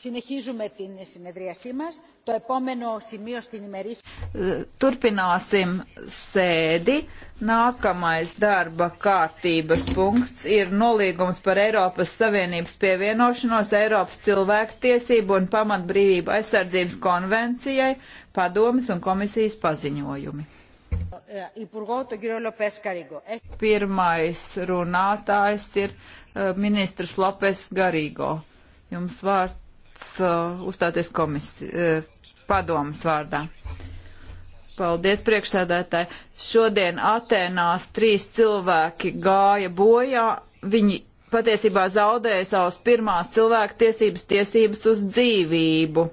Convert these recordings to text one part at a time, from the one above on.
Συνεχίζουμε την συνεδρίασή μας. Το επόμενο σημείο στην ημερήσια... Turpināsim sēdi. Nākamais darba kārtības punkts ir nolīgums par Eiropas Savienības pievienošanos Eiropas cilvēku tiesību un pamatbrīvību aizsardzības konvencijai padomas un komisijas paziņojumi. Eh, Pirmais runātājs ir eh, ministrs Lopes Garīgo. Jums vārds vārds uh, uzstāties komisi, uh, padomas vārdā. Paldies priekšsēdētāji. Šodien Atēnās trīs cilvēki gāja bojā. Viņi patiesībā zaudēja savas pirmās cilvēku tiesības, tiesības uz dzīvību.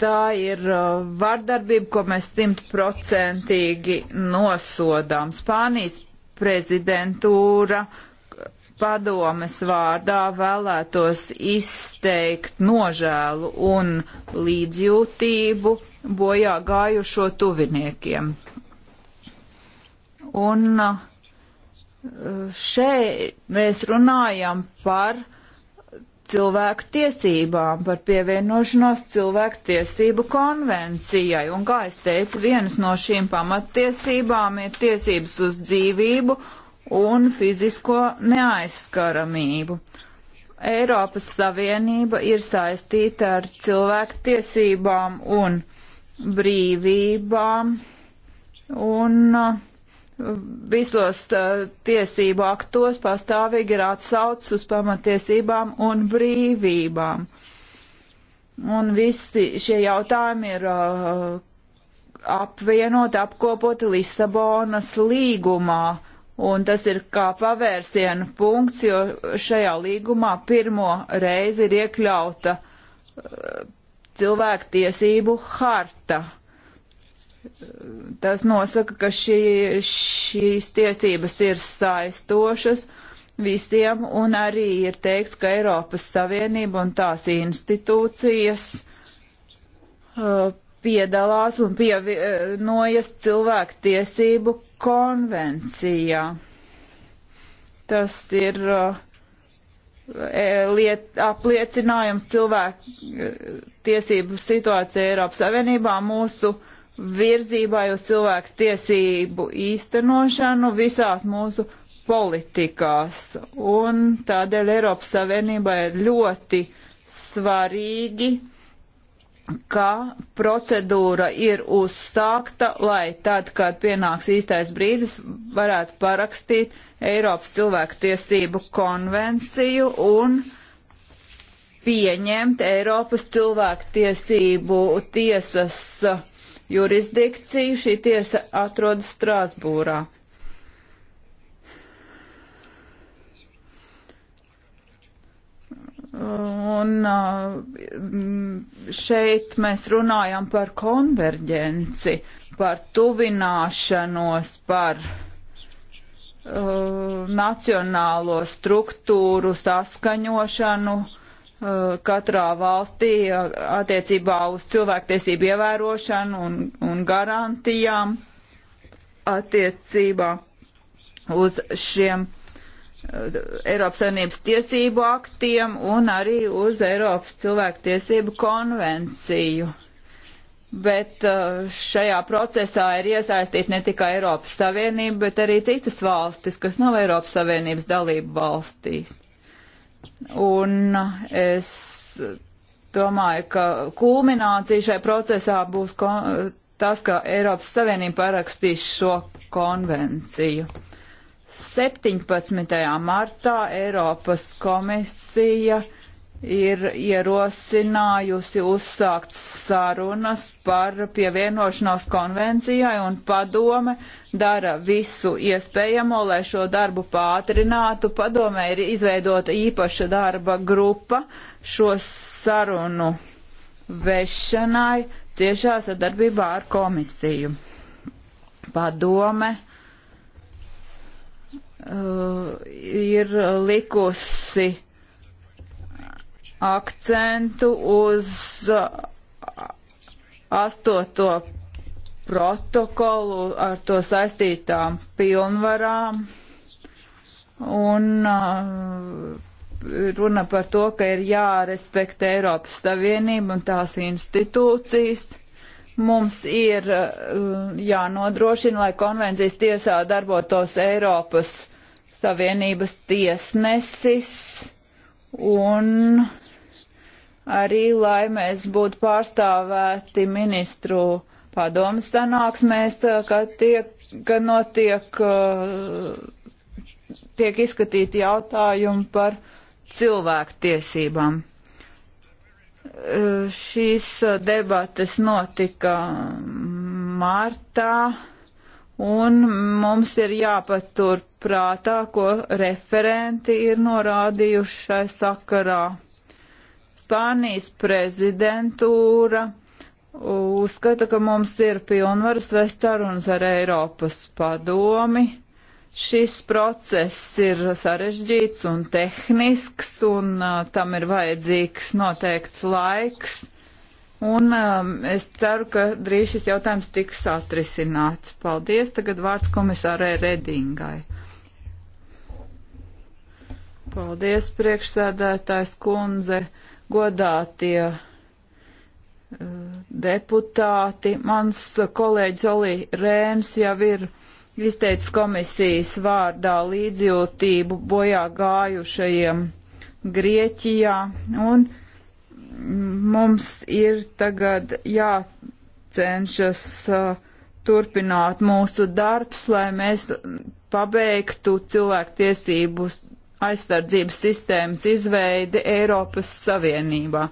Tā ir uh, vardarbība, ko mēs simtprocentīgi nosodām. Spānijas prezidentūra uh, padomes vārdā vēlētos izteikt nožēlu un līdzjūtību bojā gājušo tuviniekiem. Un eh, šeit mēs runājam par cilvēku tiesībām, par pievienošanos cilvēku tiesību konvencijai. Un, kā es teicu, vienas no šīm pamattiesībām ir tiesības uz dzīvību un fizisko neaizskaramību. Eiropas Savienība ir saistīta ar cilvēku tiesībām un brīvībām, un uh, visos uh, tiesību aktos pastāvīgi ir atsaucis uz pamatiesībām un brīvībām. Un visi šie jautājumi ir uh, apvienot, apkopoti Lisabonas līgumā, un tas ir kā pavērsiena punkts, jo šajā līgumā pirmo reizi ir iekļauta uh, cilvēktiesību harta. Tas nosaka, ka šī, šīs tiesības ir saistošas visiem, un arī ir teikts, ka Eiropas Savienība un tās institūcijas uh, piedalās un pievienojas uh, cilvēku tiesību konvencijā. Tas ir uh, e, liet, apliecinājums cilvēku e, tiesību situācija Eiropas Savienībā mūsu virzībā uz cilvēku tiesību īstenošanu visās mūsu politikās. Un tādēļ Eiropas Savienībā ir ļoti svarīgi ka procedūra ir uzsākta, lai tad, kad pienāks īstais brīdis, varētu parakstīt Eiropas cilvēku tiesību konvenciju un pieņemt Eiropas cilvēku tiesību tiesas jurisdikciju. Šī tiesa atrodas Strāsbūrā. Un eh, šeit mēs runājam par konverģenci, par tuvināšanos, par uh, nacionālo struktūru saskaņošanu uh, katrā valstī attiecībā uz cilvēktiesību ievērošanu un, un garantijām attiecībā uz šiem Eh, Eiropas Savienības tiesību aktiem un arī uz Eiropas cilvēku tiesību konvenciju. Bet eh, šajā procesā ir iesaistīta ne tikai Eiropas Savienība, bet arī citas valstis, kas nav Eiropas Savienības dalība valstīs. Un eh, es domāju, ka kulminācija šai procesā būs tas, ka Eiropas Savienība parakstīs šo konvenciju. 17. martā Eiropas komisija ir ierosinājusi uzsākt sarunas par pievienošanos konvencijai un padome dara visu iespējamo, lai šo darbu pātrinātu. Padome ir izveidota īpaša darba grupa šo sarunu vešanai ciešā sadarbībā ar komisiju. Padome uh, ir likusi akcentu uz astoto protokolu ar to saistītām pilnvarām un uh, runa par to, ka ir jārespektē Eiropas Savienība un tās institūcijas. Mums ir uh, jānodrošina, lai konvencijas tiesā darbotos Eiropas Savienības tiesnesis un arī, lai mēs būtu pārstāvēti ministru padomu sanāksmēs, kad tiek, ka notiek, uh, tiek izskatīti jautājumi par cilvēktiesībām. Uh, šīs debates notika martā, un mums ir jāpatur prātā, ko referenti ir norādījuši šai sakarā. Spānijas prezidentūra uzskata, ka mums ir pilnvaras vest sarunas ar Eiropas padomi. Šis process ir sarežģīts un tehnisks, un uh, tam ir vajadzīgs noteikts laiks. Un um, es ceru, ka drīz šis jautājums tiks atrisināts. Paldies. Tagad vārds komisārai Redingai. Paldies, priekšsēdētājs kundze, godātie eh, deputāti. Mans kolēģis Olī Rēns jau ir izteicis komisijas vārdā līdzjūtību bojā gājušajiem Grieķijā, un mums ir tagad jācenšas uh, turpināt mūsu darbs, lai mēs pabeigtu cilvēktiesības aizsardzības sistēmas izveidi Eiropas Savienībā.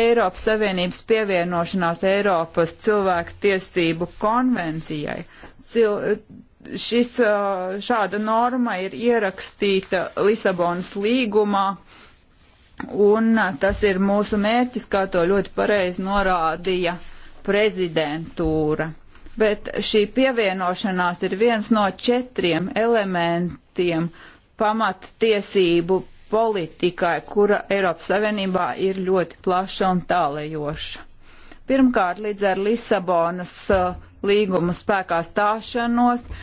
Eiropas Savienības pievienošanās Eiropas cilvēku tiesību konvencijai. Cil šis, šāda norma ir ierakstīta Lisabonas līgumā, un tas ir mūsu mērķis, kā to ļoti pareizi norādīja prezidentūra. Bet šī pievienošanās ir viens no četriem elementiem, uh, pamattiesību politikai, kura Eiropas Savienībā ir ļoti plaša un tālējoša. Pirmkārt, līdz ar Lisabonas uh, līguma spēkā stāšanos uh,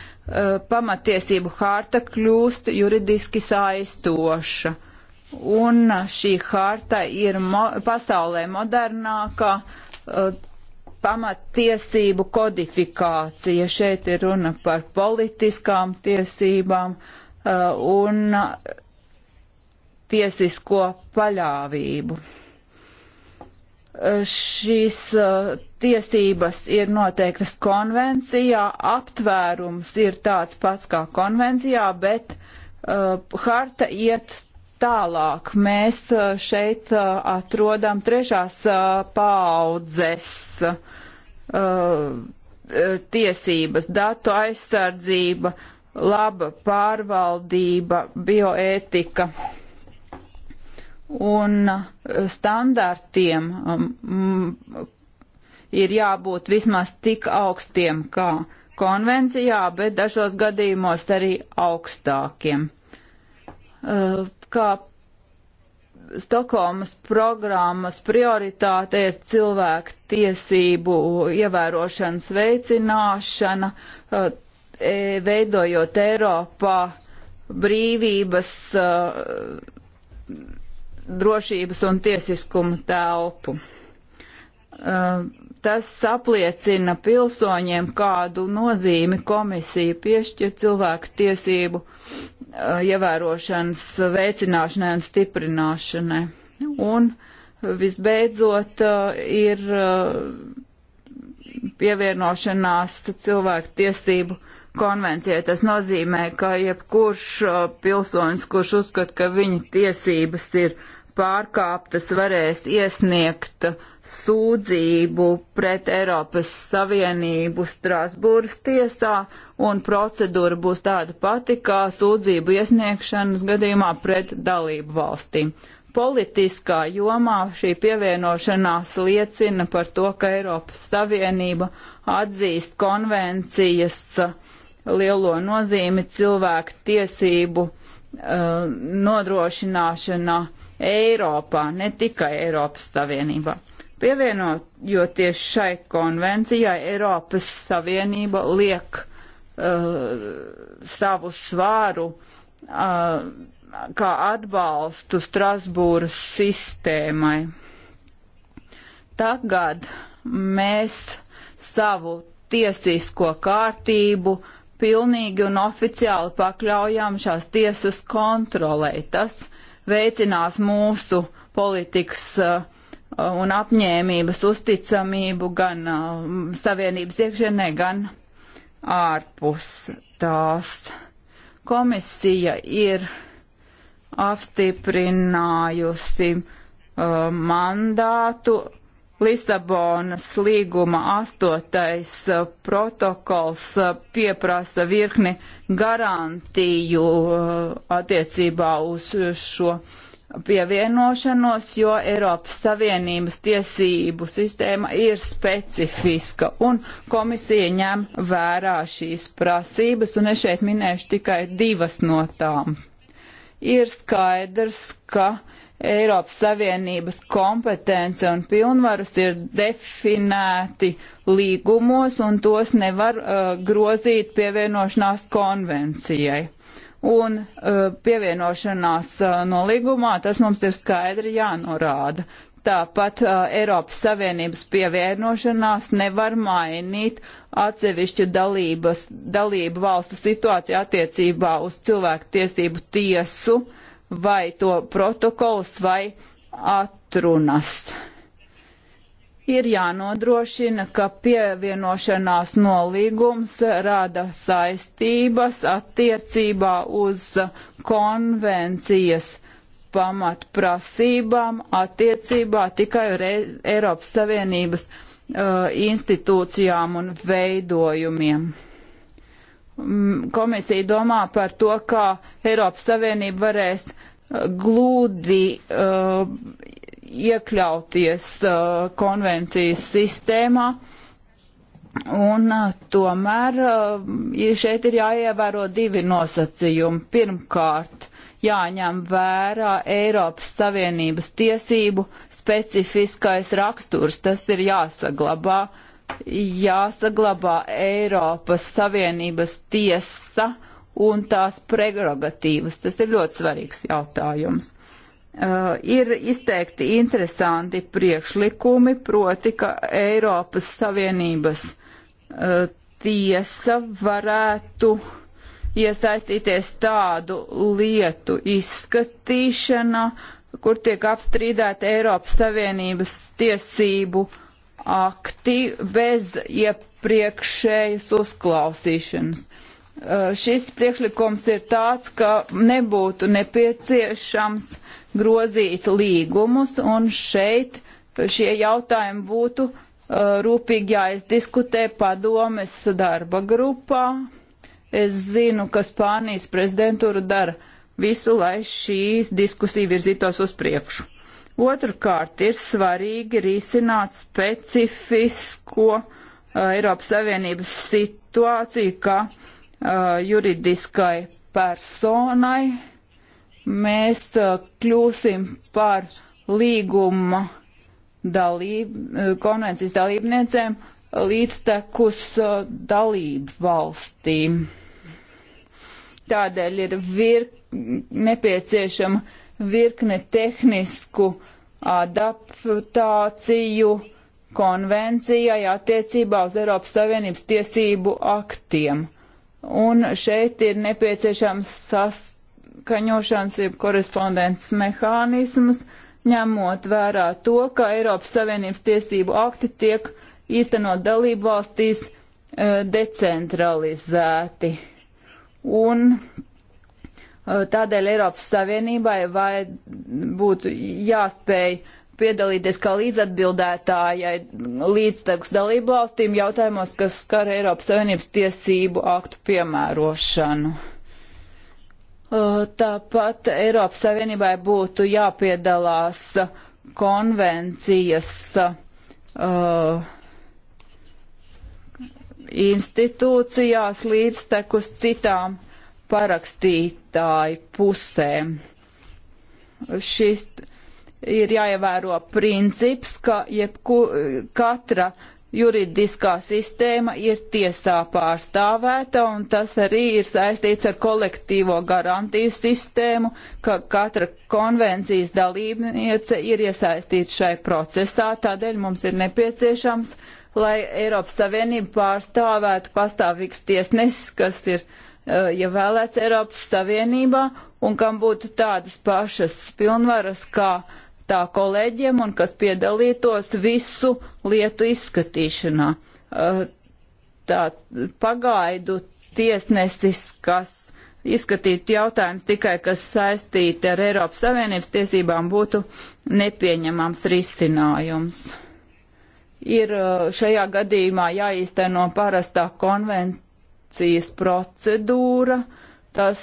pamatiesību hārta kļūst juridiski saistoša. Un šī hārta ir mo pasaulē modernākā uh, pamatiesību kodifikācija. Šeit ir runa par politiskām tiesībām, uh, Uh, un tiesisko paļāvību. Uh, šīs uh, tiesības ir noteiktas konvencijā, aptvērums ir tāds pats kā konvencijā, bet uh, harta iet tālāk. Mēs šeit uh, atrodam trešās uh, paudzes uh, tiesības, datu aizsardzība, uh, laba pārvaldība, bioētika un standartiem um, mm, ir jābūt vismaz tik augstiem kā konvencijā, bet dažos gadījumos arī augstākiem. Uh, kā Stokholmas programmas prioritāte ir cilvēku tiesību ievērošanas veicināšana, uh, E, veidojot Eiropā brīvības, e, drošības un tiesiskuma telpu. E, tas apliecina pilsoņiem, kādu nozīmi komisija piešķir cilvēku tiesību ievērošanas veicināšanai un stiprināšanai. Un visbeidzot ir pievienošanās cilvēku tiesību uh, konvencijai. Tas nozīmē, ka jebkurš uh, pilsonis, kurš uzskata, ka viņa tiesības ir pārkāptas, varēs iesniegt sūdzību pret Eiropas Savienību Strasbūras tiesā, un procedūra būs tāda pati kā sūdzību iesniegšanas gadījumā pret dalību valstīm. Politiskā jomā šī pievienošanās liecina par to, ka Eiropas Savienība atzīst konvencijas uh, lielo nozīmi cilvēku tiesību uh, nodrošināšana Eiropā, ne tikai Eiropas Savienībā. Pievienojoties šai konvencijai, Eiropas Savienība liek uh, savu svāru uh, kā atbalstu Strasbūras sistēmai. Tagad mēs savu tiesisko kārtību uh, pilnīgi un oficiāli pakļaujam šās tiesas kontrolē. Tas veicinās mūsu politikas uh, un apņēmības uzticamību gan uh, savienības iekšienē, gan ārpus tās. Komisija ir apstiprinājusi uh, mandātu Lisabonas līguma astotais uh, protokols uh, pieprasa virkni garantiju uh, attiecībā uz šo pievienošanos, jo Eiropas Savienības tiesību sistēma ir specifiska un komisija ņem vērā šīs prasības, un es šeit minēšu tikai divas no tām. Ir skaidrs, ka uh, Eiropas Savienības kompetence un pilnvaras ir definēti līgumos, un tos nevar uh, grozīt pievienošanās konvencijai. Un uh, pievienošanās uh, nolīgumā tas mums ir skaidri jānorāda. Tāpat uh, Eiropas Savienības pievienošanās nevar mainīt atsevišķu dalības, dalību valstu situāciju attiecībā uz cilvēku tiesību tiesu uh, vai to protokols vai atrunas. Ir jānodrošina, ka pievienošanās nolīgums rada saistības attiecībā uz konvencijas pamatprasībām attiecībā tikai uz Eiropas Savienības uh, institūcijām un veidojumiem. Mm, komisija domā par to, kā Eiropas Savienība varēs uh, glūdi uh, iekļauties uh, konvencijas sistēmā. Un uh, tomēr uh, šeit ir jāievēro divi nosacījumi. Pirmkārt, jāņem vērā Eiropas Savienības tiesību specifiskais raksturs. Tas ir jāsaglabā. Uh, jāsaglabā Eiropas Savienības tiesa un tās prerogatīvas. Tas ir ļoti svarīgs jautājums. Uh, ir izteikti interesanti priekšlikumi, proti, ka Eiropas Savienības uh, tiesa varētu iesaistīties tādu lietu izskatīšanā, kur tiek apstrīdēta Eiropas Savienības tiesību uh, akti bez iepriekšējas uzklausīšanas. Uh, šis priekšlikums ir tāds, ka nebūtu nepieciešams grozīt līgumus, un šeit šie jautājumi būtu uh, rūpīgi jāizdiskutē padomes darba grupā. Es zinu, ka Spānijas prezidentūra dara visu, lai šīs diskusija virzītos uz priekšu. Otrkārt, ir svarīgi risināt specifisko uh, Eiropas Savienības situāciju, ka uh, juridiskai personai mēs uh, kļūsim par līguma dalīb, uh, konvencijas dalībniecēm līdztekus uh, dalību valstīm. Tādēļ ir vir, nepieciešama virkne tehnisku adaptāciju konvencijai attiecībā uz Eiropas Savienības tiesību aktiem. Un šeit ir nepieciešams saskaņošanas, jeb korespondences mehānisms, ņemot vērā to, ka Eiropas Savienības tiesību akti tiek īstenot dalību valstīs e, decentralizēti. Un Eh, tādēļ Eiropas Savienībai vai būtu jāspēj piedalīties kā līdzatbildētājai līdztekus dalību valstīm jautājumos, kas skar Eiropas Savienības tiesību aktu piemērošanu. Eh, tāpat Eiropas Savienībai būtu jāpiedalās konvencijas uh, institūcijās līdztekus citām uh, parakstītāju pusēm. Šis ir jāievēro princips, ka jebku, katra juridiskā sistēma ir tiesā pārstāvēta, un tas arī ir saistīts ar kolektīvo garantiju sistēmu, ka katra konvencijas dalībniece ir iesaistīta šai procesā, tādēļ mums ir nepieciešams, lai Eiropas Savienība pārstāvētu pastāvīgs tiesnesis, kas ir uh, ievēlēts eh, ja Eiropas Savienībā un kam būtu tādas pašas pilnvaras kā tā kolēģiem un kas piedalītos visu lietu izskatīšanā. Eh, tā pagaidu tiesnesis, kas izskatītu jautājumus tikai, kas saistīti ar Eiropas Savienības tiesībām, būtu nepieņemams risinājums. Ir eh, šajā gadījumā jāīsteno parastā konvent, apelācijas procedūra. Tas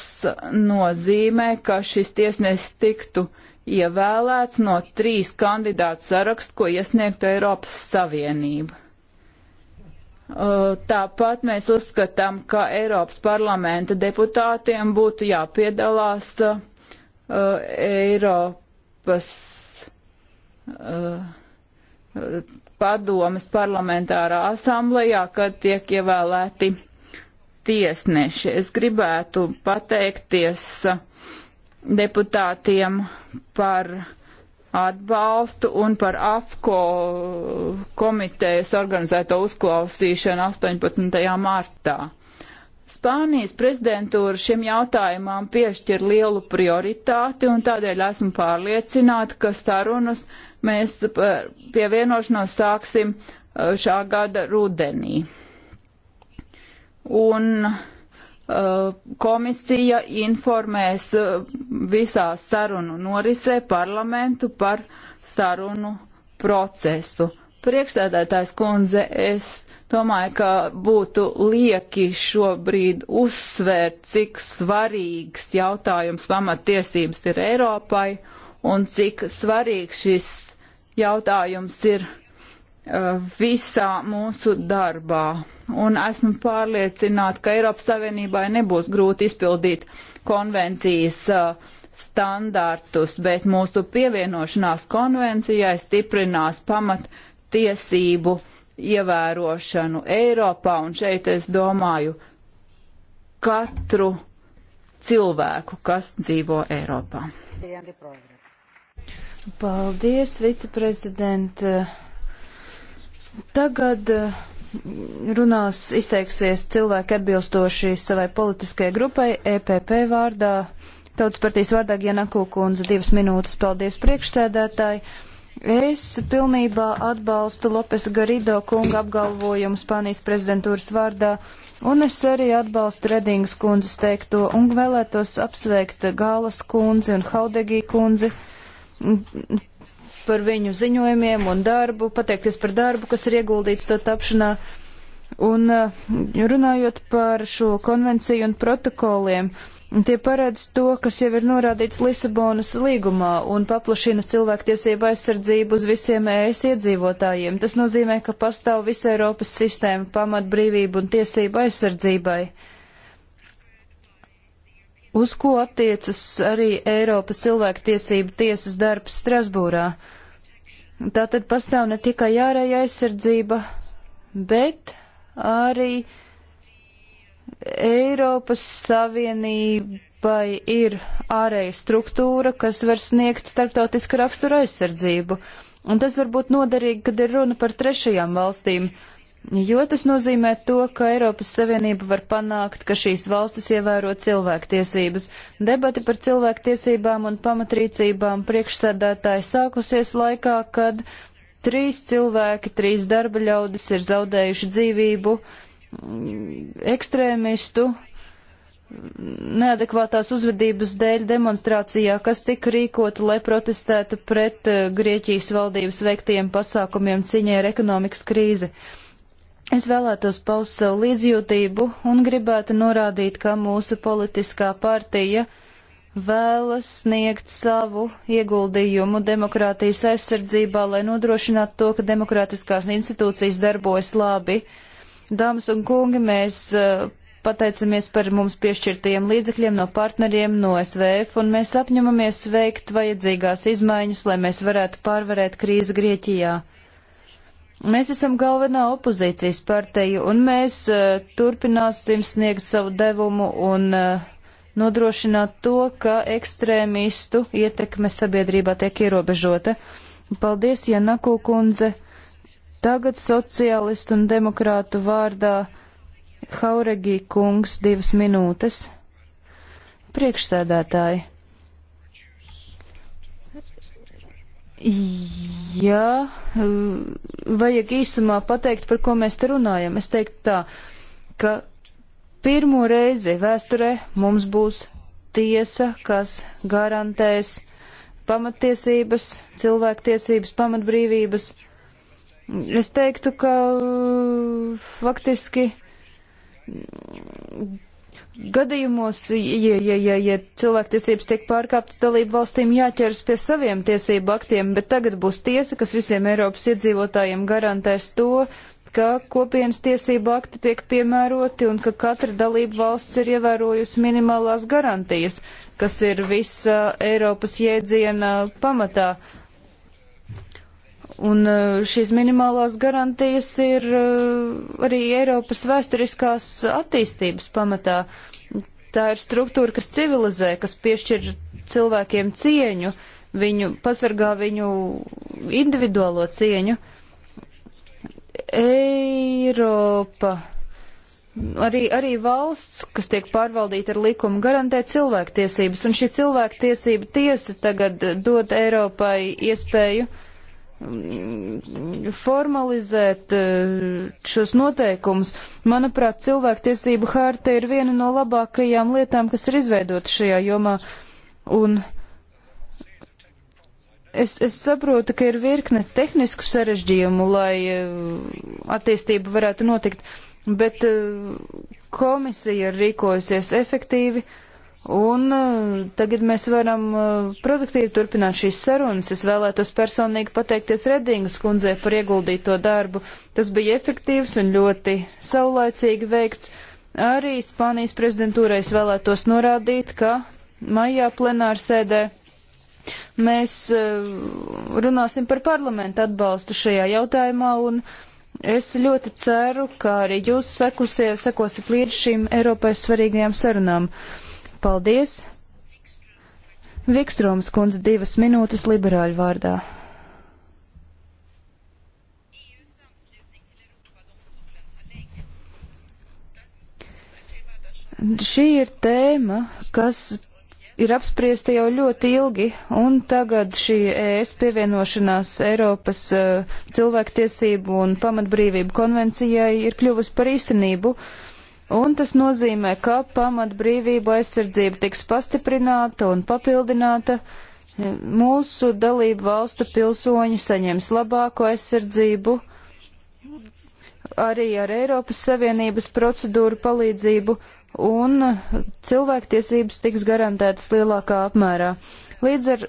nozīmē, ka šis tiesnesis tiktu ievēlēts no trīs kandidātu sarakstu, ko iesniegtu Eiropas Savienība. Tāpat mēs uzskatām, ka Eiropas parlamenta deputātiem būtu jāpiedalās uh, Eiropas uh, padomas parlamentārā asamblējā, kad tiek ievēlēti tiesneši. Es gribētu pateikties deputātiem par atbalstu un par AFCO komitejas organizēto uzklausīšanu 18. martā. Spānijas prezidentūra šim jautājumam piešķir lielu prioritāti, un tādēļ esmu pārliecināta, ka sarunas mēs pievienošanos sāksim uh, šā gada rudenī un uh, komisija informēs uh, visās sarunu norisē parlamentu par sarunu procesu. Priekšsēdētājs kundze, es domāju, ka būtu lieki šobrīd uzsvērt, cik svarīgs jautājums pamatiesības ir Eiropai un cik svarīgs šis jautājums ir Eh, visā mūsu darbā. Un esmu pārliecināta, ka Eiropas Savienībai nebūs grūti izpildīt konvencijas eh, standartus, bet mūsu pievienošanās konvencijai stiprinās pamattiesību ievērošanu Eiropā, un šeit es domāju katru cilvēku, kas dzīvo Eiropā. Paldies, viceprezidenta eh, Tagad eh, runās, izteiksies cilvēki atbilstoši savai politiskajai grupai, EPP vārdā, Tautas partijas vārdā Gienakū kundze divas minūtes. Paldies priekšsēdētāji. Es pilnībā atbalstu Lopes Garido kunga apgalvojumu Spānijas prezidentūras vārdā, un es arī atbalstu Redingas kundzes teikto un vēlētos apsveikt Gālas kundzi un Haudegī kundzi par viņu ziņojumiem un darbu, pateikties par darbu, kas ir ieguldīts to tapšanā. Un eh, runājot par šo konvenciju un protokoliem, tie paredz to, kas jau ir norādīts Lisabonas līgumā un paplašina cilvēktiesību aizsardzību uz visiem ES iedzīvotājiem. Tas nozīmē, ka pastāv visa Eiropas sistēma pamatbrīvību un tiesību aizsardzībai uz ko attiecas arī Eiropas cilvēktiesību tiesas darbs Strasbūrā. Tā tad pastāv ne tikai ārēja aizsardzība, bet arī Eiropas Savienībai ir ārēja struktūra, kas var sniegt starptautiska rakstura aizsardzību. Un tas var būt noderīgi, kad ir runa par trešajām valstīm, jo tas nozīmē to, ka Eiropas Savienība var panākt, ka šīs valstis ievēro cilvēktiesības. Debati par cilvēktiesībām un pamatrīcībām priekšsēdētāji sākusies laikā, kad trīs cilvēki, trīs darba ļaudis ir zaudējuši dzīvību mm, ekstrēmistu neadekvātās uzvedības dēļ demonstrācijā, kas tika rīkota, lai protestētu pret eh, Grieķijas valdības veiktiem pasākumiem ciņai ar ekonomikas krīzi. Uh, Es vēlētos paust savu līdzjūtību un gribētu norādīt, ka mūsu politiskā partija vēlas sniegt savu ieguldījumu demokrātijas aizsardzībā, lai nodrošinātu to, ka demokrātiskās institūcijas darbojas labi. Dāmas un kungi, mēs eh, pateicamies par mums piešķirtajiem līdzekļiem no partneriem, no SVF, un mēs apņemamies veikt vajadzīgās izmaiņas, lai mēs varētu pārvarēt krīzi Grieķijā. Mēs esam galvenā opozīcijas partija, un mēs uh, turpināsim sniegt savu devumu un uh, nodrošināt to, ka ekstrēmistu ietekme sabiedrībā tiek ierobežota. Paldies, Janaku kundze. Tagad sociālistu un demokrātu vārdā Hauregī kungs divas minūtes. Priekšsēdētāji. Jā, eh, vajag īsumā pateikt, par ko mēs te runājam. Es teiktu tā, ka pirmo reizi vēsturē mums būs tiesa, kas garantēs pamatiesības, cilvēktiesības, pamatbrīvības. Es teiktu, ka eh, faktiski gadījumos, ja, ja, ja, ja cilvēktiesības tiek pārkāptas, dalību valstīm jāķers pie saviem tiesību aktiem, bet tagad būs tiesa, kas visiem Eiropas iedzīvotājiem garantēs to, ka kopienas tiesību akti tiek piemēroti un ka katra dalību valsts ir ievērojusi minimālās garantijas, kas ir visa Eiropas jēdziena pamatā. Uh, Un e, šīs minimālās garantijas ir e, arī Eiropas vēsturiskās attīstības pamatā. Tā ir struktūra, kas civilizē, kas piešķir cilvēkiem cieņu, viņu pasargā viņu individuālo cieņu. Eiropa. Arī, arī valsts, kas tiek pārvaldīta ar likumu, garantē cilvēktiesības, un šī cilvēktiesība tiesa tagad dod Eiropai iespēju uh, Mm, formalizēt eh, šos noteikumus. Manuprāt, cilvēktiesību hārta ir viena no labākajām lietām, kas ir izveidota šajā jomā. Un es, es saprotu, ka ir virkne tehnisku sarežģījumu, lai eh, attīstība varētu notikt, bet eh, komisija ir rīkojusies efektīvi. Uh, Un eh, tagad mēs varam eh, produktīvi turpināt šīs sarunas. Es vēlētos personīgi pateikties Redingas kundzei par ieguldīto darbu. Tas bija efektīvs un ļoti saulaicīgi veikts. Arī Spānijas prezidentūrai es vēlētos norādīt, ka maijā plenārsēdē mēs eh, runāsim par parlamentu atbalstu šajā jautājumā un es ļoti ceru, ka arī jūs sekusiet, sekosiet līdz šīm Eiropai svarīgajām sarunām. Uh, Paldies! Vikstroms kundze divas minūtes liberāļu vārdā. Šī ir tēma, kas ir apspriesta jau ļoti ilgi, un tagad šī ES pievienošanās Eiropas eh, cilvēktiesību un pamatbrīvību konvencijai ir kļuvusi par īstenību. Uh, Un tas nozīmē, ka pamatbrīvība aizsardzība tiks pastiprināta un papildināta. Mūsu dalību valstu pilsoņi saņems labāko aizsardzību arī ar Eiropas Savienības procedūru palīdzību un cilvēktiesības tiks garantētas lielākā apmērā. Līdz ar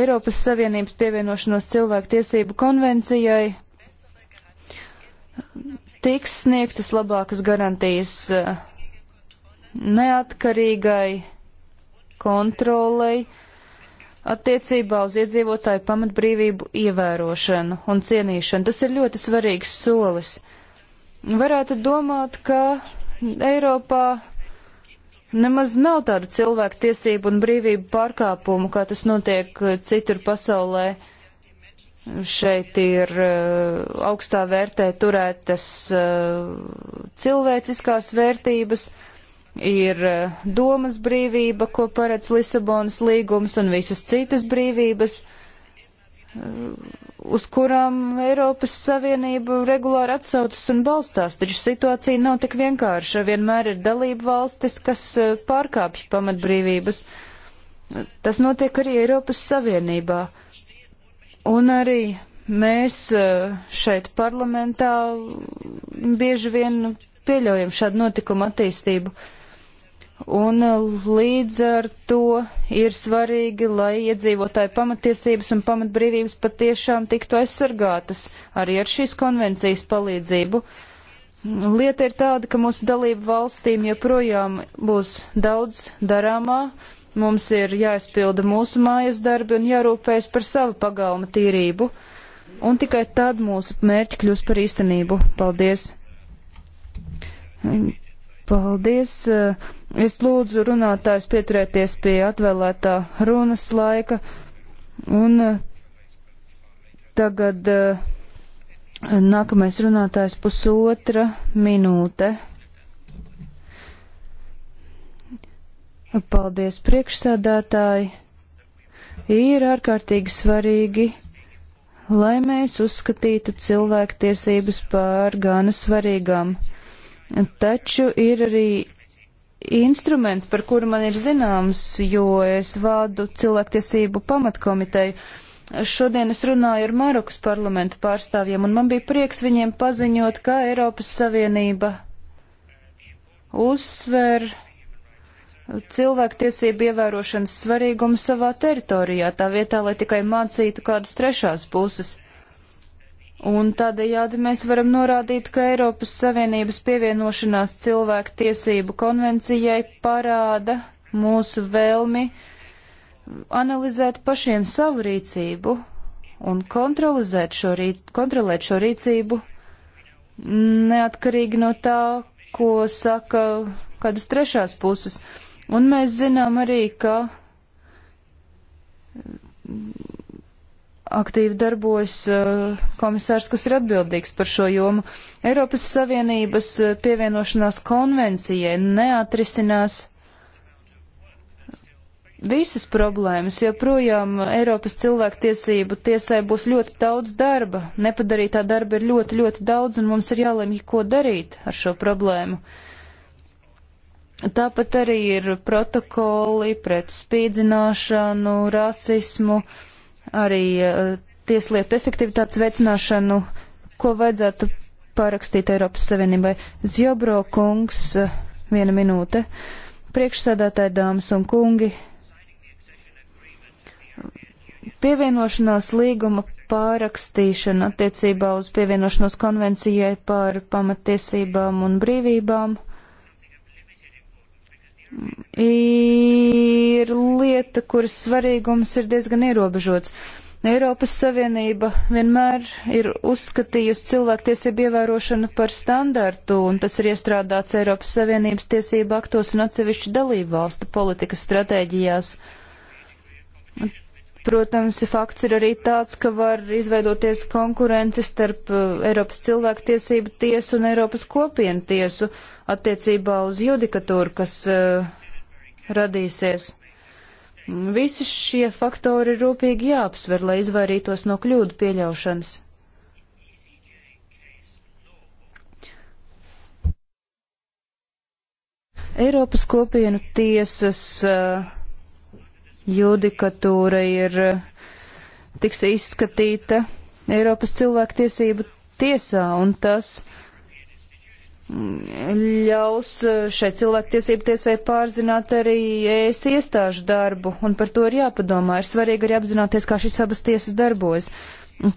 Eiropas Savienības pievienošanos cilvēktiesību konvencijai tiks sniegtas labākas garantijas eh, neatkarīgai kontrolei attiecībā uz iedzīvotāju pamatbrīvību ievērošanu un cienīšanu. Tas ir ļoti svarīgs solis. Varētu domāt, ka Eiropā nemaz nav tādu cilvēku tiesību un brīvību pārkāpumu, kā tas notiek eh, citur pasaulē. Uh, Šeit ir eh, augstā vērtē turētas eh, cilvēciskās vērtības, ir eh, domas brīvība, ko paredz Lisabonas līgums un visas citas brīvības, uz kurām Eiropas Savienība regulāri atsautas un balstās, taču situācija nav tik vienkārša. Vienmēr ir dalība valstis, kas pārkāpj pamatbrīvības. Tas notiek arī Eiropas Savienībā. Uh, Un arī mēs eh, šeit parlamentā bieži vien pieļaujam šādu notikumu attīstību. Un eh, līdz ar to ir svarīgi, lai iedzīvotāju pamatiesības un pamatbrīvības patiešām tiktu aizsargātas arī ar šīs konvencijas palīdzību. Lieta ir tāda, ka mūsu dalību valstīm joprojām būs daudz darāmā, Mums ir jāizpilda mūsu mājas darbi un jārūpējas par savu pagalma tīrību. Un tikai tad mūsu mērķi kļūs par īstenību. Paldies! Paldies! Es lūdzu runātājus pieturēties pie atvēlētā runas laika. Un tagad eh, nākamais runātājs pusotra minūte. Paldies, priekšsēdētāji. Ir ārkārtīgi svarīgi, lai mēs uzskatītu cilvēktiesības par gana svarīgām. Taču ir arī instruments, par kuru man ir zināms, jo es vādu cilvēktiesību pamatkomiteju. Šodien es runāju ar Marokas parlamentu pārstāvjiem, un man bija prieks viņiem paziņot, kā Eiropas Savienība uzsver cilvēktiesību ievērošanas svarīgumu savā teritorijā, tā vietā, lai tikai mācītu kādas trešās puses. Un tādējādi mēs varam norādīt, ka Eiropas Savienības pievienošanās cilvēktiesību konvencijai parāda mūsu vēlmi analizēt pašiem savu rīcību un kontrolēt šo, rīc, kontrolēt šo rīcību neatkarīgi no tā, ko saka kādas trešās puses. Uh, Un mēs zinām arī, ka aktīvi darbojas uh, komisārs, kas ir atbildīgs par šo jomu. Eiropas Savienības uh, pievienošanās konvencijai neatrisinās visas problēmas, jo projām Eiropas cilvēktiesību tiesai būs ļoti daudz darba. Nepadarītā darba ir ļoti, ļoti daudz, un mums ir jālemj, ko darīt ar šo problēmu. Uh, Tāpat arī ir protokoli pret spīdzināšanu, rasismu, arī eh, tieslietu efektivitātes veicināšanu, ko vajadzētu pārakstīt Eiropas Savienībai. Zjobro kungs, eh, viena minūte, priekšsēdētāji dāmas un kungi, pievienošanās līguma pārakstīšana attiecībā uz pievienošanos konvencijai par pamatiesībām un brīvībām – ir lieta, kuras svarīgums ir diezgan ierobežots. Eiropas Savienība vienmēr ir uzskatījusi cilvēktiesību ievērošanu par standartu, un tas ir iestrādāts Eiropas Savienības tiesību aktos un atsevišķu dalību valstu politikas stratēģijās. Protams, fakts ir arī tāds, ka var izveidoties konkurence starp eh, Eiropas cilvēktiesību tiesu un Eiropas kopienu tiesu. Uh, attiecībā uz judikatūru, kas uh, radīsies. Visi šie faktori ir rūpīgi jāapsver, lai izvairītos no kļūdu pieļaušanas. Eiropas kopienu tiesas uh, judikatūra ir eh, tiks izskatīta Eiropas cilvēktiesību tiesā, un tas uh, ļaus eh, šai cilvēktiesību tiesai pārzināt arī es iestāžu darbu, un par to ir jāpadomā. Ir svarīgi arī apzināties, kā šīs abas tiesas darbojas.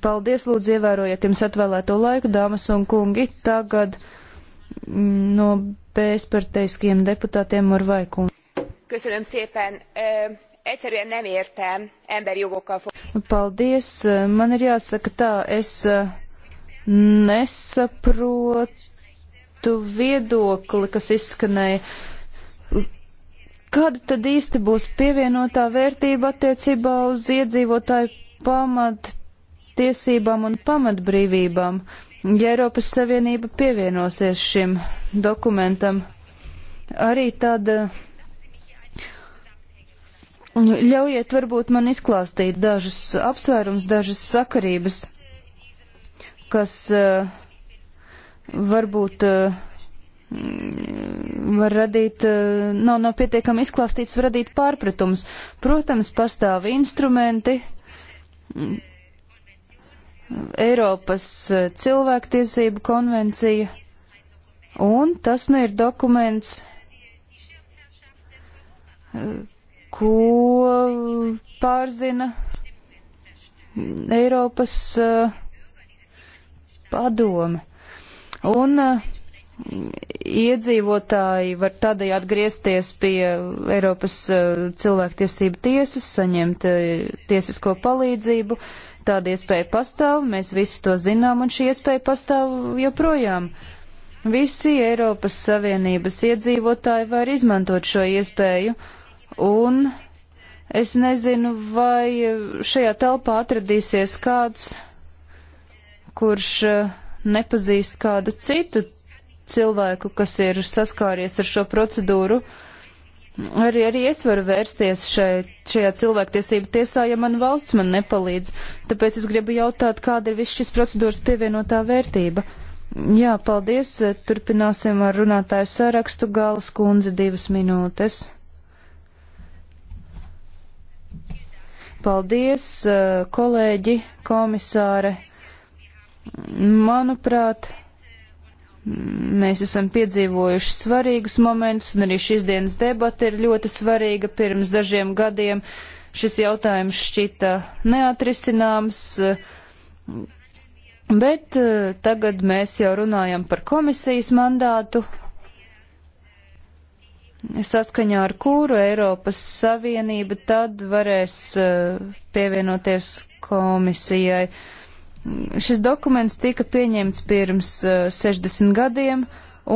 Paldies, lūdzu, ievērojiet jums atvēlēto laiku, dāmas un kungi. Tagad mm, no bezparteiskiem deputātiem ar vaiku. Köszönöm szépen. Egyszerűen nem értem emberi jogokkal foglalkozni. Paldies. Man ir jāsaka tā, es nesaprotu citu viedokli, kas izskanēja. Kāda tad īsti būs pievienotā vērtība attiecībā uz iedzīvotāju pamat tiesībām un pamatbrīvībām, ja Eiropas Savienība pievienosies šim dokumentam? Arī tāda. Ļaujiet varbūt man izklāstīt dažus apsvērums, dažas sakarības, kas uh, varbūt eh, var radīt, eh, nav, nav pietiekami izklāstīts, var radīt pārpratums. Protams, pastāv instrumenti, Eiropas eh, cilvēktiesību konvencija, un tas nu ir dokuments, ko pārzina Eiropas padome. Un eh, iedzīvotāji var tādēļ atgriezties pie Eiropas eh, cilvēktiesību tiesas, saņemt eh, tiesisko palīdzību. Tāda iespēja pastāv, mēs visi to zinām, un šī iespēja pastāv joprojām. Visi Eiropas Savienības iedzīvotāji var izmantot šo iespēju, un es nezinu, vai šajā telpā atradīsies kāds, kurš uh, nepazīst kādu citu cilvēku, kas ir saskāries ar šo procedūru, arī, arī es varu vērsties šai, šajā cilvēktiesību tiesā, ja man valsts man nepalīdz. Tāpēc es gribu jautāt, kāda ir viss šis procedūras pievienotā vērtība. Jā, paldies. Turpināsim ar runātāju sarakstu. Gālas kundze divas minūtes. Paldies, eh, kolēģi, komisāre. Manuprāt, mēs esam piedzīvojuši svarīgus momentus, un arī šīs dienas debata ir ļoti svarīga. Pirms dažiem gadiem šis jautājums šķita neatrisināms, bet eh, tagad mēs jau runājam par komisijas mandātu, saskaņā ar kuru Eiropas Savienība tad varēs eh, pievienoties komisijai. Uh, Šis dokuments tika pieņemts pirms 60 eh, gadiem,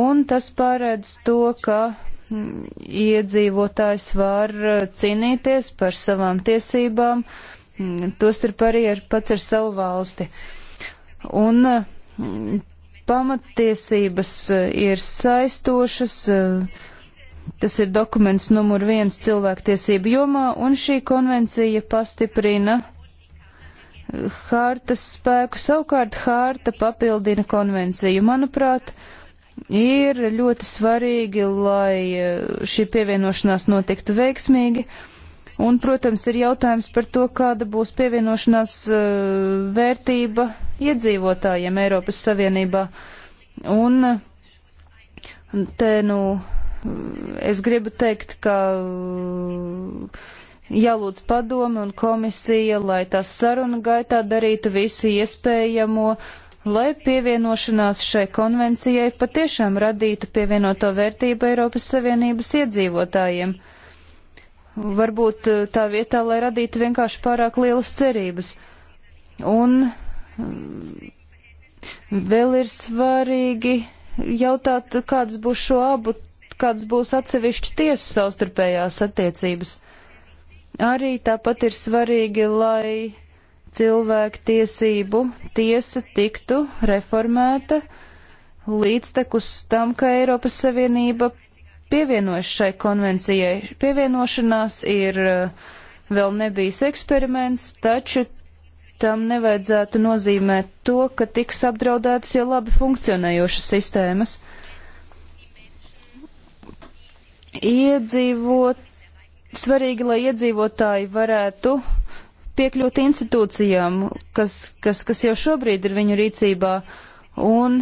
un tas paredz to, ka mm, iedzīvotājs var eh, cīnīties par savām tiesībām, mm, tostarp arī ar pats ar savu valsti. Un mm, pamatiesības eh, ir saistošas, tas ir dokuments numur viens cilvēktiesību jomā, un šī konvencija pastiprina hartas spēku. Savukārt harta papildina konvenciju. Manuprāt, ir ļoti svarīgi, lai eh, šī pievienošanās notiktu veiksmīgi. Un, protams, ir jautājums par to, kāda būs pievienošanās eh, vērtība iedzīvotājiem Eiropas Savienībā. Un te, nu, es gribu teikt, ka jālūdz padome un komisija, lai tās saruna gaitā darītu visu iespējamo, lai pievienošanās šai konvencijai patiešām radītu pievienoto vērtību Eiropas Savienības iedzīvotājiem. Varbūt eh, tā vietā, lai radītu vienkārši pārāk lielas cerības. Un mm, vēl ir svarīgi jautāt, kādas būs šo abu, kādas būs atsevišķu tiesu savstarpējās attiecības. Arī tāpat ir svarīgi, lai cilvēku tiesību tiesa tiktu reformēta līdztekus tam, ka Eiropas Savienība pievienojas šai konvencijai. Pievienošanās ir eh, vēl nebijis eksperiments, taču tam nevajadzētu nozīmēt to, ka tiks apdraudētas jau labi funkcionējošas sistēmas. Iedzīvot svarīgi, lai iedzīvotāji varētu piekļūt institūcijām, kas, kas, kas jau šobrīd ir viņu rīcībā, un,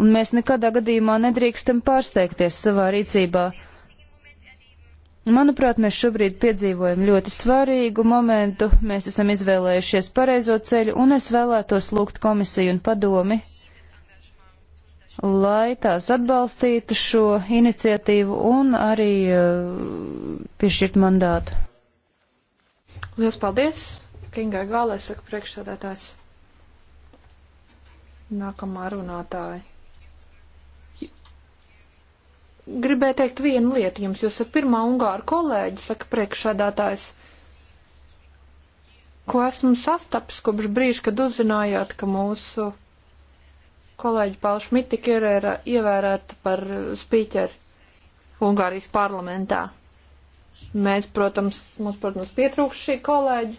un mēs nekādā gadījumā nedrīkstam pārsteigties savā rīcībā. Manuprāt, mēs šobrīd piedzīvojam ļoti svarīgu momentu, mēs esam izvēlējušies pareizo ceļu, un es vēlētos lūgt komisiju un padomi lai tās atbalstītu šo iniciatīvu un arī uh, piešķirt mandātu. Lielas paldies! Kingai Gālē saka priekšsēdētājs. Nākamā runātāja. Gribēju teikt vienu lietu jums, jūs esat pirmā ungāra kolēģi, saka priekšsēdētājs ko esmu sastapis kopš brīža, kad uzzinājāt, ka mūsu kolēģi Palšmit tik ir, ir ievērēta par spīķeri Ungārijas parlamentā. Mēs, protams, mums, protams, pietrūkst šī kolēģi,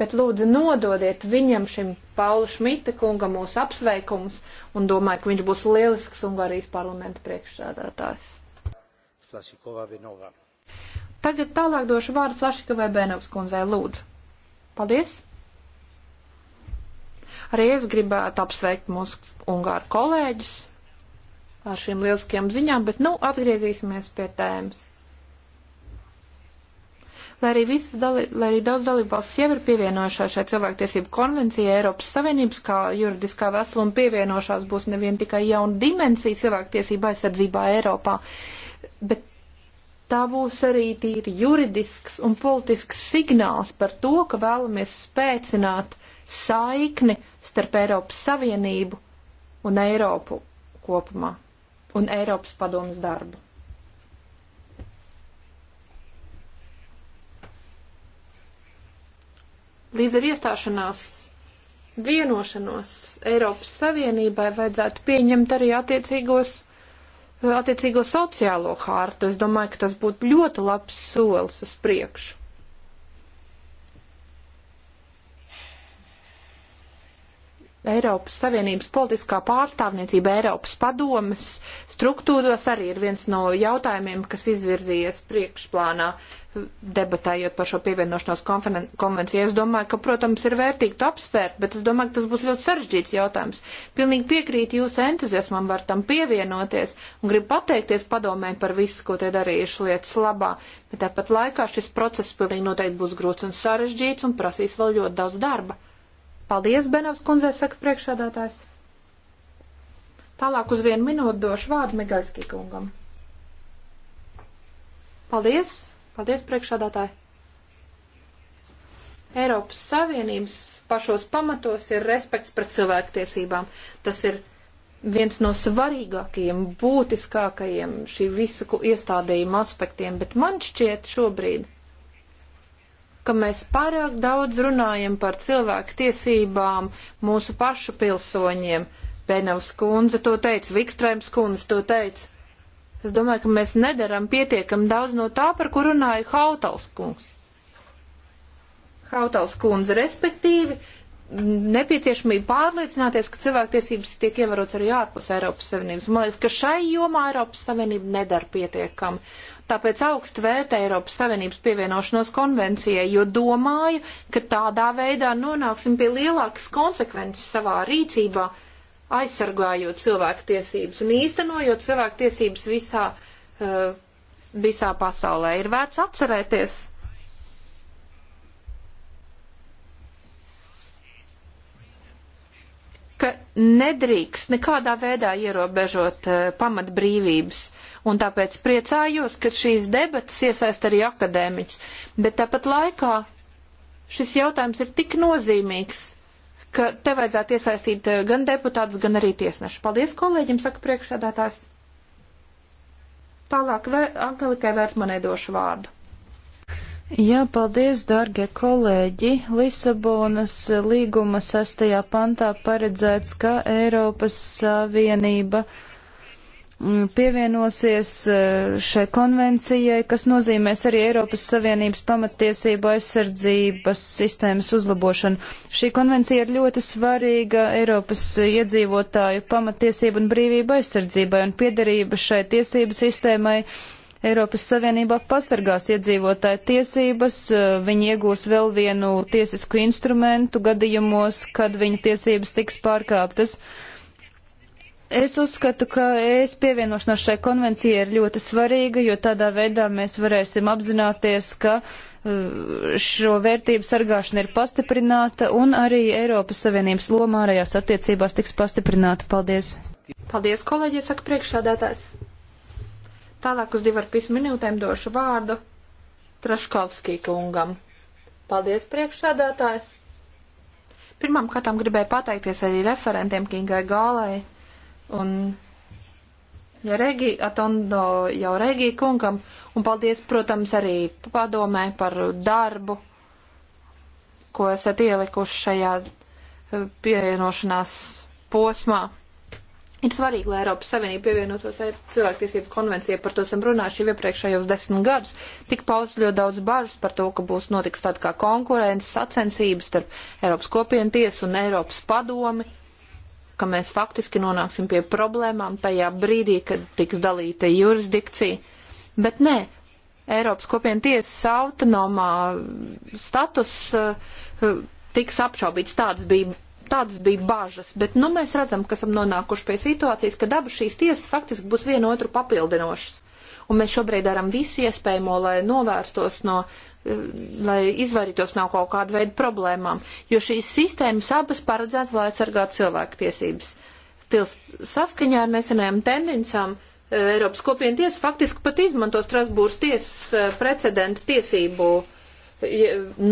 bet lūdzu nododiet viņam, šim Paulu Šmita kungam, mūsu apsveikumus un domāju, ka viņš būs lielisks Ungārijas parlamenta priekšsēdētājs. Tagad tālāk došu vārdu Flašikovai Benovs kundzei, lūdzu. Paldies! Arī es gribētu apsveikt mūsu ungāru kolēģus ar šīm lieliskiem ziņām, bet nu atgriezīsimies pie tēmas. Lai arī, visas, dali, lai arī daudz dalībvalstis jau ir pievienojušās šai cilvēktiesību konvencijai Eiropas Savienības, kā juridiskā veseluma pievienošās būs nevien tikai jauna dimensija cilvēktiesība aizsardzībā Eiropā, bet tā būs arī tīri juridisks un politisks signāls par to, ka vēlamies spēcināt saikni starp Eiropas Savienību un Eiropu kopumā un Eiropas padomas darbu. Līdz ar iestāšanās vienošanos Eiropas Savienībai vajadzētu pieņemt arī attiecīgos attiecīgo sociālo hārtu. Es domāju, ka tas būtu ļoti labs solis uz priekšu. Eiropas Savienības politiskā pārstāvniecība Eiropas padomas struktūros arī ir viens no jautājumiem, kas izvirzījies priekšplānā debatējot par šo pievienošanos konvenciju. Es domāju, ka, protams, ir vērtīgi to apsvērt, bet es domāju, ka tas būs ļoti sarežģīts jautājums. Pilnīgi piekrīt jūsu entuziasmam, var tam pievienoties un gribu pateikties padomē par visu, ko te darījuši lietas labā, bet tāpat laikā šis process pilnīgi noteikti būs grūts un sarežģīts un prasīs vēl ļoti daudz darba. Paldies, Benovs kundzē, saka priekšādātājs. Tālāk uz vienu minūtu došu vārdu Migaļskī kungam. Paldies, paldies priekšādātāji. Eiropas Savienības pašos pamatos ir respekts pret cilvēktiesībām. Tas ir viens no svarīgākajiem, būtiskākajiem šī visu iestādījuma aspektiem, bet man šķiet šobrīd, ka mēs pārāk daudz runājam par cilvēku tiesībām mūsu pašu pilsoņiem. Benevs kundze to teica, Vikstrēms kundze to teica. Es domāju, ka mēs nedaram pietiekam daudz no tā, par kur runāja Hautals kungs. Hautals kundze, respektīvi, nepieciešamība pārliecināties, ka cilvēktiesības tiek ievērots arī ārpus Eiropas Savienības. Man liekas, ka šai jomā Eiropas Savienība nedara pietiekami. Tāpēc augstu vērtē Eiropas Savienības pievienošanos konvencijai, jo domāju, ka tādā veidā nonāksim pie lielākas konsekvences savā rīcībā, aizsargājot cilvēku tiesības un īstenojot cilvēku tiesības visā, uh, visā pasaulē. Ir vērts atcerēties. ka nedrīkst nekādā veidā ierobežot uh, pamatbrīvības. Uh, un tāpēc priecājos, ka šīs debatas iesaist arī akadēmiķus. Bet tāpat laikā šis jautājums ir tik nozīmīgs, ka te vajadzētu iesaistīt eh, gan deputātus, gan arī tiesnešus. Paldies kolēģim, saka priekšsēdētājs. Tālāk vē, Angelikai Vērtmanai došu vārdu. Jā, paldies, dārgie kolēģi. Lisabonas līguma sastajā pantā paredzēts, ka Eiropas Savienība. Uh, Mm, pievienosies eh, šai konvencijai, kas nozīmēs arī Eiropas Savienības pamatiesību aizsardzības sistēmas uzlabošanu. Šī konvencija ir ļoti svarīga Eiropas iedzīvotāju pamatiesību un brīvību aizsardzībai un piedarība šai tiesību sistēmai. Eiropas Savienībā pasargās iedzīvotāju tiesības, eh, viņi iegūs vēl vienu tiesisku instrumentu gadījumos, kad viņu tiesības tiks pārkāptas. Uh, Es uzskatu, ka es pievienošanos šai konvencijai ir ļoti svarīga, jo tādā veidā mēs varēsim apzināties, ka uh, šo vērtību sargāšana ir pastiprināta un arī Eiropas Savienības loma ārējās attiecībās tiks pastiprināta. Paldies! Paldies, kolēģi, saka priekšsādātājs. Tālāk uz divu ar pus minūtēm došu vārdu Traškovskī kungam. Paldies, priekšsādātāji! Pirmām kārtām gribēju pateikties arī referentiem Kingai Gālai Un ja Regi, Atondo jau Regi kungam, un paldies, protams, arī padomē par darbu, ko esat ielikuši šajā eh, pievienošanās posmā. Ir svarīgi, lai Eiropas Savienība pievienotos cilvēktiesību konvencijai, par to esam runājuši jau iepriekšējos desmit gadus. Tik paust ļoti daudz bažas par to, ka būs notiks tāda kā konkurences sacensības starp Eiropas kopienu tiesu un Eiropas padomi ka mēs faktiski nonāksim pie problēmām tajā brīdī, kad tiks dalīta jurisdikcija. Bet nē, Eiropas kopienu tiesas autonomā status eh, tiks apšaubīts. Tāds bija tādas bija bažas, bet nu mēs redzam, ka esam nonākuši pie situācijas, ka abas šīs tiesas faktiski būs viena otru papildinošas. Un mēs šobrīd darām visu iespējamo, lai novērstos no lai izvairītos no kaut kāda veida problēmām, jo šīs sistēmas abas paredzētas, lai aizsargātu cilvēktiesības. Tils saskaņā ar nesenajām tendencām eh, Eiropas kopiena tiesa faktiski pat izmanto Strasbūras tiesas eh, precedenta tiesību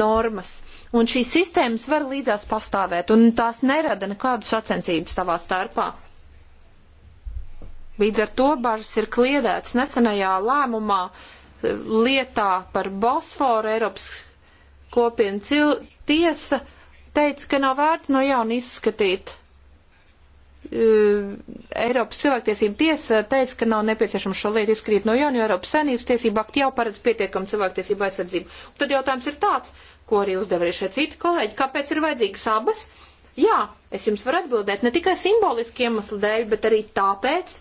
normas. Un šīs sistēmas var līdzās pastāvēt, un tās nerada nekādu sacensības tavā starpā. Līdz ar to bažas ir kliedētas nesenajā lēmumā, uh, lietā par Bosforu Eiropas kopienu tiesa teica, ka nav vērts no jauna izskatīt. E, Eiropas cilvēktiesība tiesa teica, ka nav nepieciešams šo lietu izskatīt no jauna, jo Eiropas saimnības tiesība akti jau paredz pietiekamu cilvēktiesību aizsardzību. Un tad jautājums ir tāds, ko arī uzdev arī šie citi kolēģi, kāpēc ir vajadzīgas abas? Jā, es jums varu atbildēt ne tikai simboliski iemeslu dēļ, bet arī tāpēc,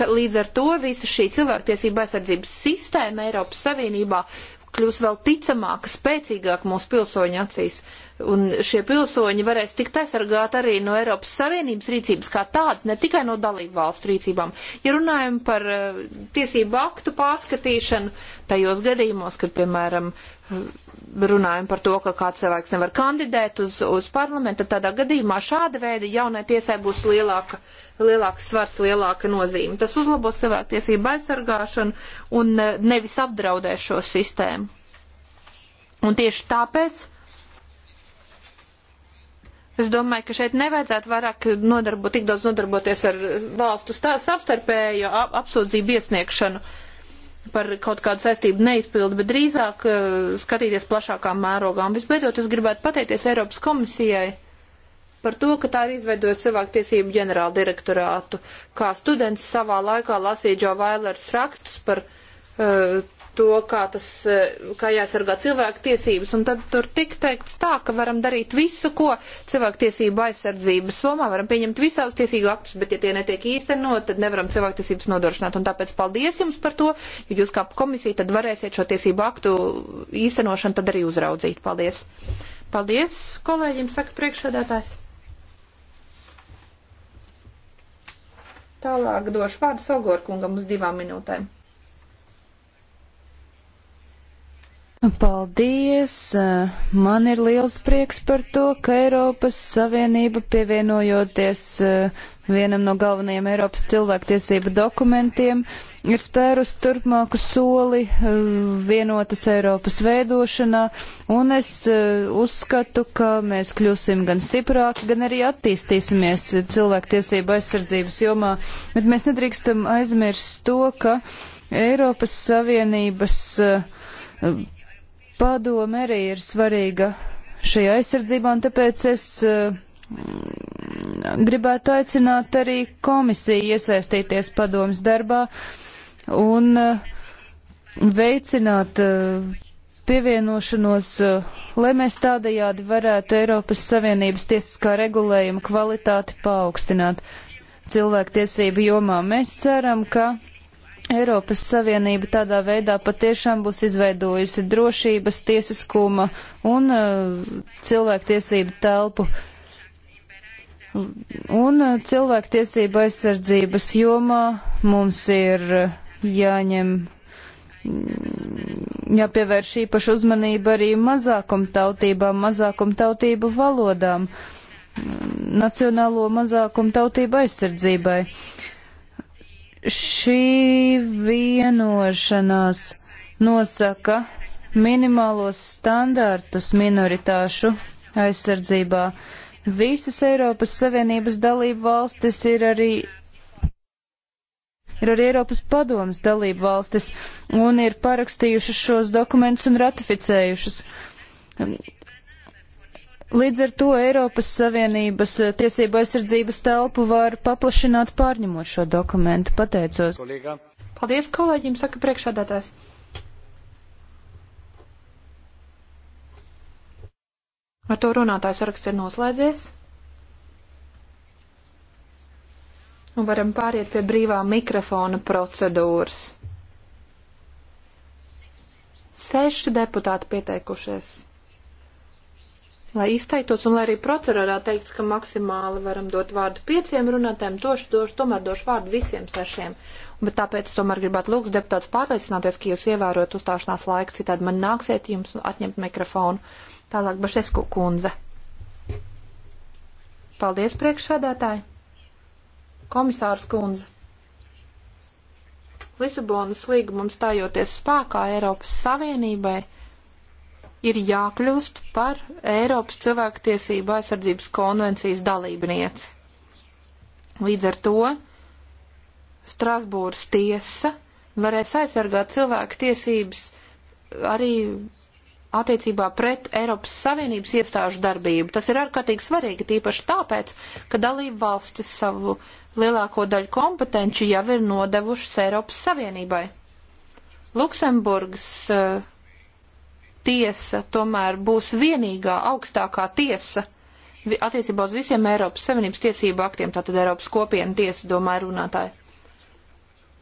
ka līdz ar to visa šī cilvēktiesība aizsardzības sistēma Eiropas Savienībā kļūs vēl ticamāka, spēcīgāka mūsu pilsoņu acīs. Un šie pilsoņi varēs tikt aizsargāti arī no Eiropas Savienības rīcības kā tādas, ne tikai no dalību valstu rīcībām. Ja runājam par eh, tiesību aktu pārskatīšanu, tajos gadījumos, kad, piemēram, runājam par to, ka kāds cilvēks nevar kandidēt uz, uz parlamentu, tad tādā gadījumā šāda veida jaunai tiesai būs lielāka lielāks svars, lielāka nozīme. Tas uzlabos cilvēku tiesību aizsargāšanu un e, nevis apdraudēs šo sistēmu. Un tieši tāpēc es domāju, ka šeit nevajadzētu vairāk nodarbo, tik daudz nodarboties ar valstu savstarpējo ap, apsūdzību iesniegšanu par kaut kādu saistību neizpildu, bet drīzāk uh, skatīties plašākā mērogā. Un visbeidzot, es gribētu pateikties Eiropas komisijai par to, ka tā ir izveidojot cilvēktiesību ģenerāla direktorātu. Kā students savā laikā lasīja Džo Vailers rakstus par uh, to, kā tas, uh, kā jāsargā cilvēktiesības, un tad tur tik teikts tā, ka varam darīt visu, ko cilvēktiesību aizsardzības somā, varam pieņemt visādus tiesību aktus, bet ja tie netiek īstenot, tad nevaram cilvēktiesības nodrošināt, un tāpēc paldies jums par to, ja jūs kā komisija tad varēsiet šo tiesību aktu īstenošanu tad arī uzraudzīt. Paldies! Paldies kolēģim, saka priekšsēdētājs. Tālāk došu vārdu Sogorkungam uz divām minūtēm. Paldies! Man ir liels prieks par to, ka Eiropas Savienība pievienojoties eh, vienam no galvenajiem Eiropas cilvēktiesību dokumentiem ir spērus turpmāku soli eh, vienotas Eiropas veidošanā, un es eh, uzskatu, ka mēs kļūsim gan stiprāki, gan arī attīstīsimies cilvēktiesību aizsardzības jomā, bet mēs nedrīkstam aizmirst to, ka Eiropas Savienības padome arī ir svarīga šajā aizsardzībā, un tāpēc es uh, gribētu aicināt arī komisiju iesaistīties padomas darbā un uh, veicināt uh, pievienošanos, lai mēs tādajādi varētu Eiropas Savienības tiesiskā regulējuma kvalitāti paaugstināt cilvēktiesību jomā. Mēs ceram, ka Eiropas Savienība tādā veidā patiešām būs izveidojusi drošības, tiesiskuma un uh, cilvēktiesību telpu. Un uh, cilvēktiesība aizsardzības jomā mums ir uh, jāņem, mm, jāpievērš īpaša uzmanība arī mazākumtautībām, mazākumtautību valodām, mm, nacionālo mazākumtautību aizsardzībai. Uh, Šī vienošanās nosaka minimālos standartus minoritāšu aizsardzībā. Visas Eiropas Savienības dalību valstis ir arī ir arī Eiropas padomas dalību valstis un ir parakstījušas šos dokumentus un ratificējušas. Līdz ar to Eiropas Savienības eh, tiesību aizsardzības telpu var paplašināt pārņemot šo dokumentu. Pateicos. Kolīgā. Paldies kolēģim, saka priekšādātājs. Ar to runātājs saraksts ir noslēdzies. Un varam pāriet pie brīvā mikrofona procedūras. Seši deputāti pieteikušies lai izteiktos un lai arī procedūrā teikts, ka maksimāli varam dot vārdu pieciem runātājiem, došu, došu, tomēr došu vārdu visiem sešiem. Bet tāpēc tomēr gribētu lūgt deputātus pārliecināties, ka jūs ievērojat uzstāšanās laiku, citādi man nāksiet jums atņemt mikrofonu. Tālāk Bašesku kundze. Paldies priekšsēdētāji. Komisārs kundze. Lisabonas līgumam stājoties spēkā Eiropas Savienībai ir jākļūst par Eiropas cilvēktiesību aizsardzības konvencijas dalībnieci. Līdz ar to Strasbūras tiesa varēs aizsargāt cilvēku tiesības arī attiecībā pret Eiropas Savienības iestāžu darbību. Tas ir ārkārtīgi svarīgi, tīpaši tāpēc, ka dalību valstis savu lielāko daļu kompetenci jau ir nodevušas Eiropas Savienībai. Luksemburgas uh, tiesa tomēr būs vienīgā augstākā tiesa attiecībā uz visiem Eiropas Savienības tiesību aktiem, tātad Eiropas kopienu tiesa, domāju runātāji.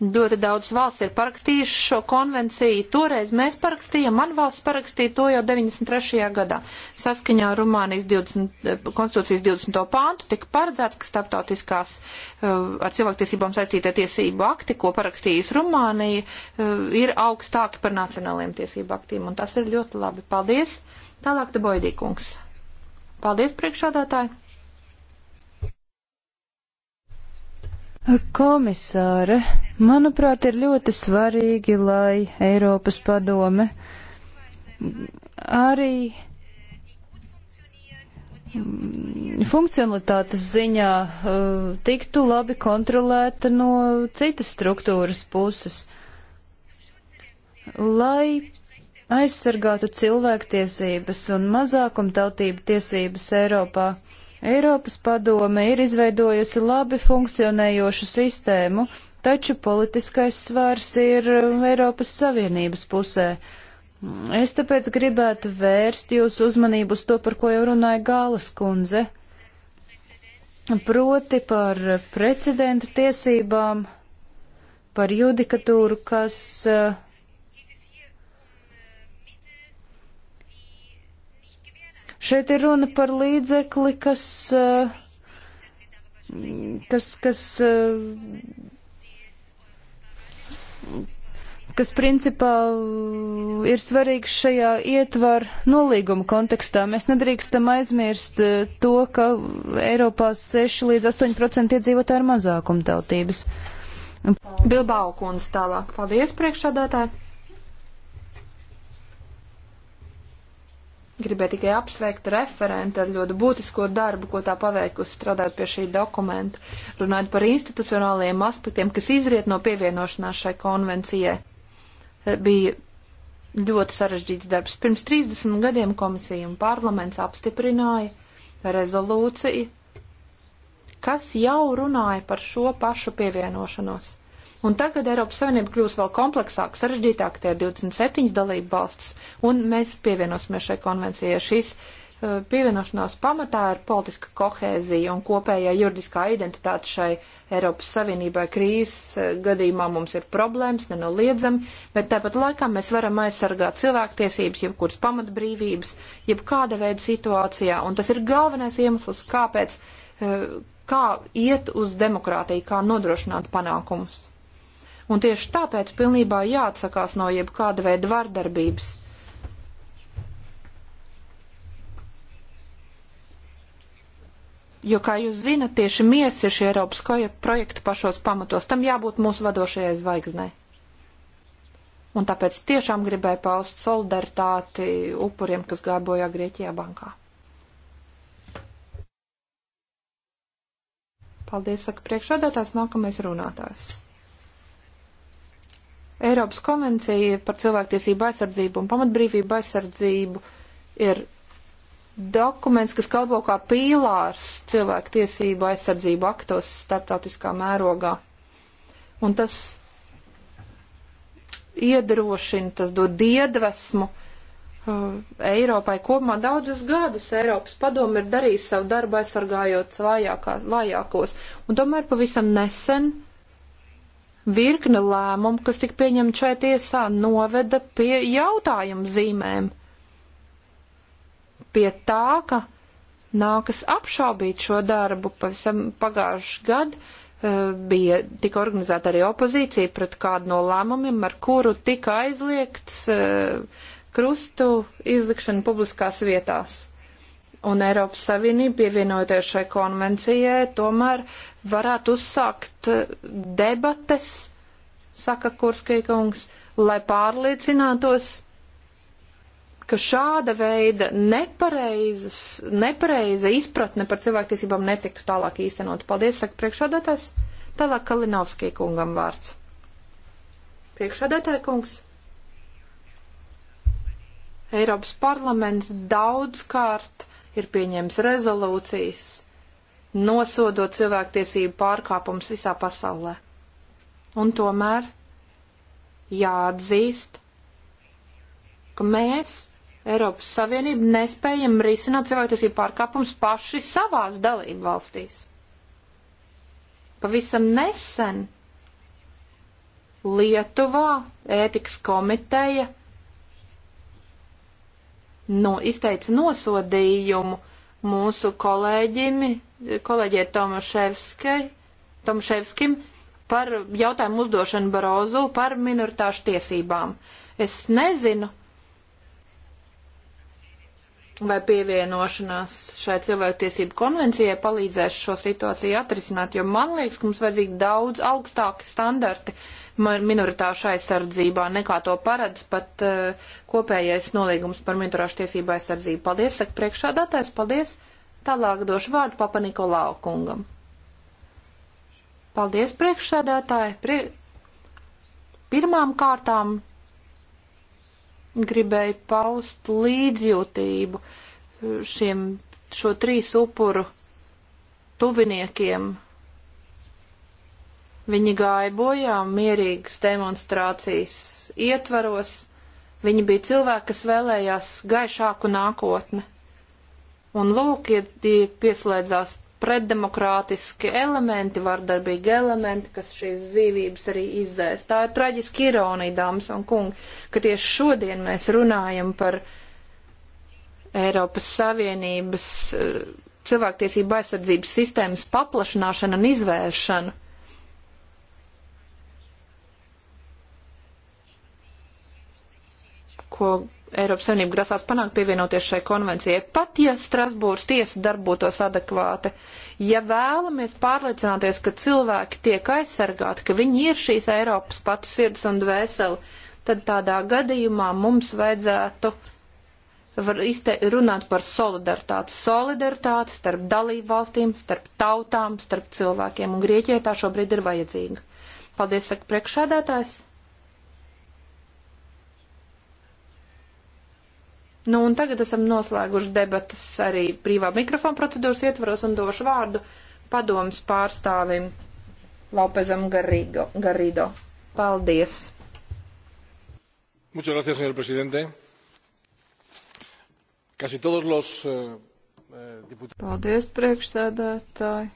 Ļoti daudz valsts ir parakstījuši šo konvenciju. Toreiz mēs parakstījām, man valsts parakstīja to jau 93. gadā. Saskaņā ar Rumānijas 20, eh, konstitūcijas 20. pāntu tika paredzēts, ka starptautiskās eh, ar cilvēktiesībām saistītie tiesību akti, ko parakstījusi Rumānija, eh, ir augstāki par nacionāliem tiesību aktiem. Un tas ir ļoti labi. Paldies. Tālāk te Boidīkungs. Paldies, priekšādātāji. Komisāre, manuprāt, ir ļoti svarīgi, lai Eiropas padome arī funkcionalitātes ziņā uh, tiktu labi kontrolēta no citas struktūras puses, lai aizsargātu cilvēktiesības un mazākumtautību tiesības Eiropā. Eiropas padome ir izveidojusi labi funkcionējošu sistēmu, taču politiskais svārs ir Eiropas Savienības pusē. Es tāpēc gribētu vērst jūsu uzmanību uz to, par ko jau runāja Gālas kundze, proti par precedenta tiesībām, par judikatūru, kas uh, Šeit ir runa par līdzekli, kas, eh, kas, kas, eh, kas principā ir svarīgs šajā ietvar nolīguma kontekstā. Mēs nedrīkstam aizmirst eh, to, ka Eiropā 6 līdz 8% iedzīvotāji ir mazākumtautības. Bilbao kundze tālāk. Paldies, priekšādātāji! Gribēju tikai apsveikt referenti ar ļoti būtisko darbu, ko tā paveikusi strādājot pie šī dokumenta, runājot par institucionālajiem aspektiem, kas izriet no pievienošanās šai konvencijai. Eh, bija ļoti sarežģīts darbs. Pirms 30 gadiem komisija un parlaments apstiprināja rezolūciju, kas jau runāja par šo pašu pievienošanos. Un tagad Eiropas Savienība kļūs vēl kompleksāk, sarežģītāk, tie ir 27 dalību valstis, un mēs pievienosimies šai konvencijai. Šis uh, pievienošanās pamatā ir politiska kohēzija un kopējā juridiskā identitāte šai Eiropas Savienībai. Krīzes uh, gadījumā mums ir problēmas, nenoliedzami, bet tāpat laikā mēs varam aizsargāt cilvēktiesības, jebkuras pamatbrīvības, jebkāda veida situācijā, un tas ir galvenais iemesls, kāpēc, uh, kā iet uz demokrātiju, kā nodrošināt panākumus un tieši tāpēc pilnībā jāatsakās no jebkāda veida vardarbības. Jo, kā jūs zinat, tieši miesa ir šie Eiropas projekta pašos pamatos. Tam jābūt mūsu vadošajai zvaigznē. Un tāpēc tiešām gribēju paust solidaritāti upuriem, kas gābojā Grieķijā bankā. Paldies, saka priekšādātājs, nākamais runātājs. Eiropas konvencija par cilvēktiesību aizsardzību un pamatbrīvību aizsardzību ir dokuments, kas kalpo kā pīlārs cilvēktiesību aizsardzību aktos starptautiskā mērogā. Un tas iedrošina, tas dod iedvesmu uh, Eiropai kopumā daudzus gadus. Eiropas padomu ir darījis savu darbu aizsargājot vājākā, vājākos. Un tomēr pavisam nesen virkne lēmumu, kas tika pieņemta šai tiesā, noveda pie jautājumu zīmēm. Pie tā, ka nākas apšaubīt šo darbu pavisam pagājuši gadu, eh, bija tika organizēta arī opozīcija pret kādu no lēmumiem, ar kuru tika aizliegts eh, krustu izlikšana publiskās vietās. Un Eiropas Savienība pievienojoties šai konvencijai tomēr uh, varētu uzsākt eh, debates, saka Kurskijkungs, lai pārliecinātos, ka šāda veida nepareizas, nepareiza izpratne par cilvēktiesībām netiktu tālāk īstenot. Paldies, saka priekšādātājs. Tālāk Kalinovskī kungam vārds. Priekšādātāja kungs. Eiropas parlaments daudzkārt ir pieņēmis rezolūcijas nosodot cilvēktiesību pārkāpumus visā pasaulē. Un tomēr jāatzīst, ka mēs, Eiropas Savienība, nespējam risināt cilvēktiesību pārkāpumus paši savās dalību valstīs. Pavisam nesen Lietuvā ētikas komiteja no, izteica nosodījumu mūsu kolēģimi kolēģie Tomaševskim par jautājumu uzdošanu Barozu par minoritāšu tiesībām. Es nezinu, vai pievienošanās šai cilvēktiesību konvencijai palīdzēs šo situāciju atrisināt, jo man liekas, ka mums vajadzīgi daudz augstāki standarti minoritāšu aizsardzībā, nekā to paredz pat uh, kopējais nolīgums par minoritāšu tiesību aizsardzību. Paldies, saka priekšādātājs, paldies! Tālāk došu vārdu papa Nikolau kungam. Paldies, priekšsēdētāji. Pri... Pirmām kārtām gribēju paust līdzjūtību šiem šo trīs upuru tuviniekiem. Viņi gāja bojā mierīgas demonstrācijas ietvaros. Viņi bija cilvēki, kas vēlējās gaišāku nākotni. Un lūk, ja pieslēdzās pretdemokrātiski elementi, vardarbīgi elementi, kas šīs dzīvības arī izdzēs. Tā ir traģiski ironija, dāmas un kungi, ka tieši šodien mēs runājam par Eiropas Savienības eh, cilvēktiesība aizsardzības sistēmas paplašināšanu un izvēršanu. Ko Eiropas Savienība grasās panākt pievienoties šai konvencijai, pat ja Strasbūras tiesa darbotos adekvāti. Ja vēlamies pārliecināties, ka cilvēki tiek aizsargāti, ka viņi ir šīs Eiropas pats sirds un dvēseli, tad tādā gadījumā mums vajadzētu izte, runāt par solidaritāti. Solidaritāti starp dalību valstīm, starp tautām, starp cilvēkiem, un Grieķijai tā šobrīd ir vajadzīga. Paldies, saka priekšsēdētājs. Nu, un tagad esam noslēguši debatas arī privā mikrofona procedūras ietvaros un došu vārdu padomas pārstāvim Laupezam Garrigo, Garrido. Paldies! Muchas gracias, señor presidente. Casi todos los eh, eh diputados. Paldies, priekšsēdētāji.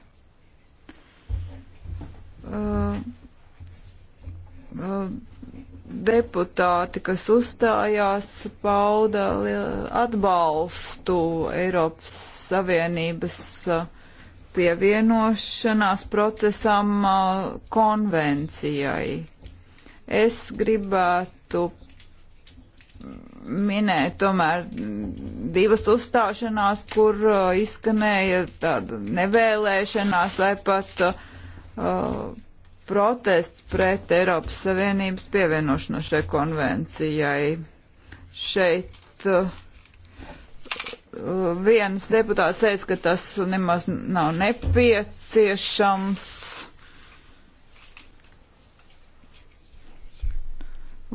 Uh, uh, deputāti, kas uzstājās, pauda atbalstu Eiropas Savienības uh, pievienošanās procesam uh, konvencijai. Es gribētu minēt tomēr divas uzstāšanās, kur uh, izskanēja tāda nevēlēšanās vai pat uh, protests pret Eiropas Savienības pievienošanos šai konvencijai. Šeit uh, uh viens deputāts teica, ka tas nemaz nav nepieciešams.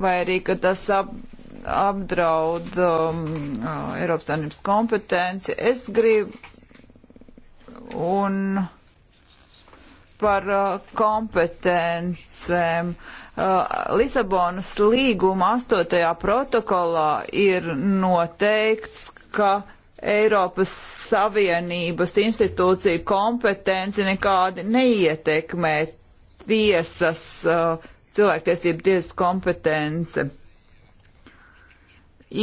Vai arī, ka tas ap, apdraud um, uh, Eiropas Savienības kompetenci. Es gribu un. Uh, par uh, kompetencēm. Uh, Lisabonas līguma 8. protokolā ir noteikts, ka Eiropas Savienības institūciju kompetenci nekādi neietekmē tiesas, uh, cilvēktiesību tiesas kompetence.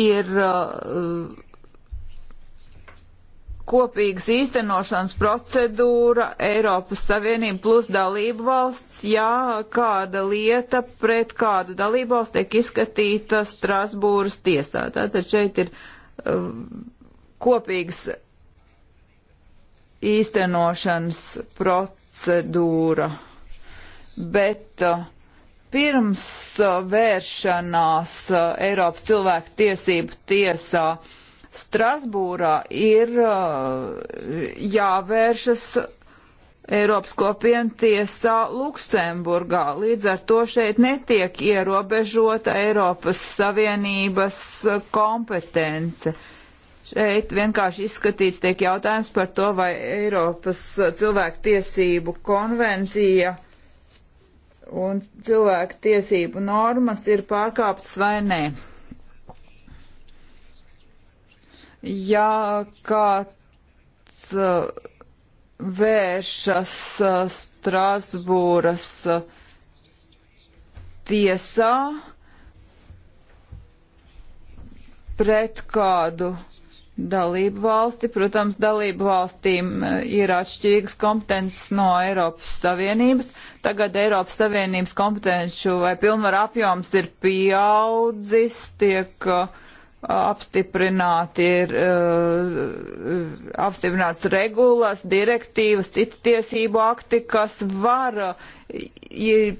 Ir uh, kopīgas īstenošanas procedūra Eiropas Savienība plus dalību valsts, ja kāda lieta pret kādu dalību valsts tiek izskatīta Strasbūras tiesā. Tātad šeit ir uh, kopīgas īstenošanas procedūra. Bet uh, pirms uh, vēršanās uh, Eiropas cilvēku tiesību tiesā Strasbūrā ir uh, jāvēršas Eiropas kopienu tiesā Luksemburgā. Līdz ar to šeit netiek ierobežota Eiropas Savienības uh, kompetence. Šeit vienkārši izskatīts tiek jautājums par to, vai Eiropas uh, cilvēku tiesību konvencija un cilvēku tiesību normas ir pārkāptas vai nē ja kāds uh, vēršas uh, Strasbūras uh, tiesā pret kādu dalību valsti. Protams, dalību valstīm ir atšķirīgas kompetences no Eiropas Savienības. Tagad Eiropas Savienības kompetenču vai pilnvaru apjoms ir pieaudzis, tiek uh, apstiprināti ir uh, apstiprināts regulas, direktīvas, citi tiesību akti, kas var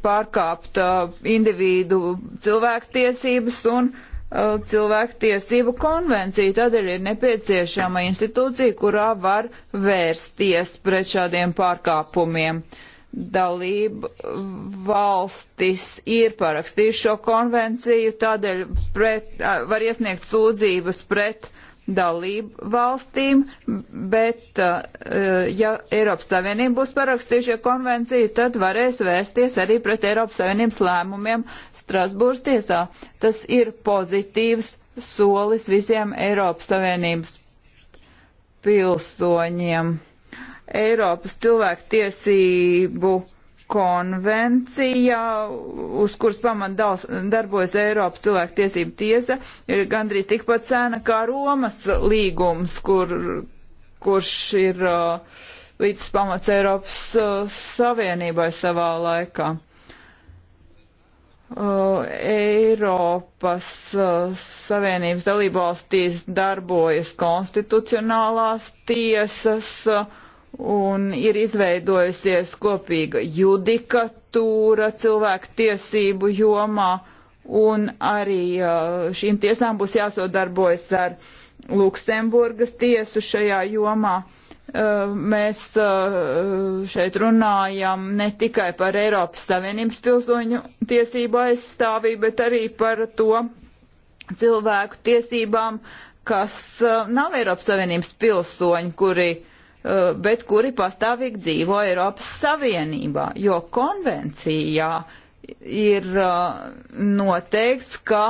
pārkāpt uh, individu cilvēktiesības un uh, cilvēktiesību konvenciju. Tādēļ ir nepieciešama institūcija, kurā var vērsties pret šādiem pārkāpumiem. Uh, dalību valstis ir parakstījuši šo konvenciju, tādēļ pret, var iesniegt sūdzības pret dalību valstīm, bet e, ja Eiropas Savienība būs parakstījušie konvenciju, tad varēs vērsties arī pret Eiropas Savienības lēmumiem Strasbūras tiesā. Tas ir pozitīvs solis visiem Eiropas Savienības pilsoņiem. Eiropas cilvēku tiesību konvencija, uz kuras pamat darbojas Eiropas cilvēku tiesību tiesa, ir gandrīz tikpat sena kā Romas līgums, kur, kurš ir uh, līdz pamats Eiropas uh, Savienībai savā laikā. Uh, Eiropas uh, Savienības dalībvalstīs darbojas konstitucionālās tiesas, uh, un ir izveidojusies kopīga judikatūra cilvēku tiesību jomā, un arī šīm tiesām būs jāsodarbojas ar Luksemburgas tiesu šajā jomā. Mēs šeit runājam ne tikai par Eiropas Savienības pilsoņu tiesību aizstāvību, bet arī par to cilvēku tiesībām, kas nav Eiropas Savienības pilsoņi, kuri uh, Uh, bet kuri pastāvīgi dzīvo Eiropas Savienībā, jo konvencijā ir uh, noteikts, ka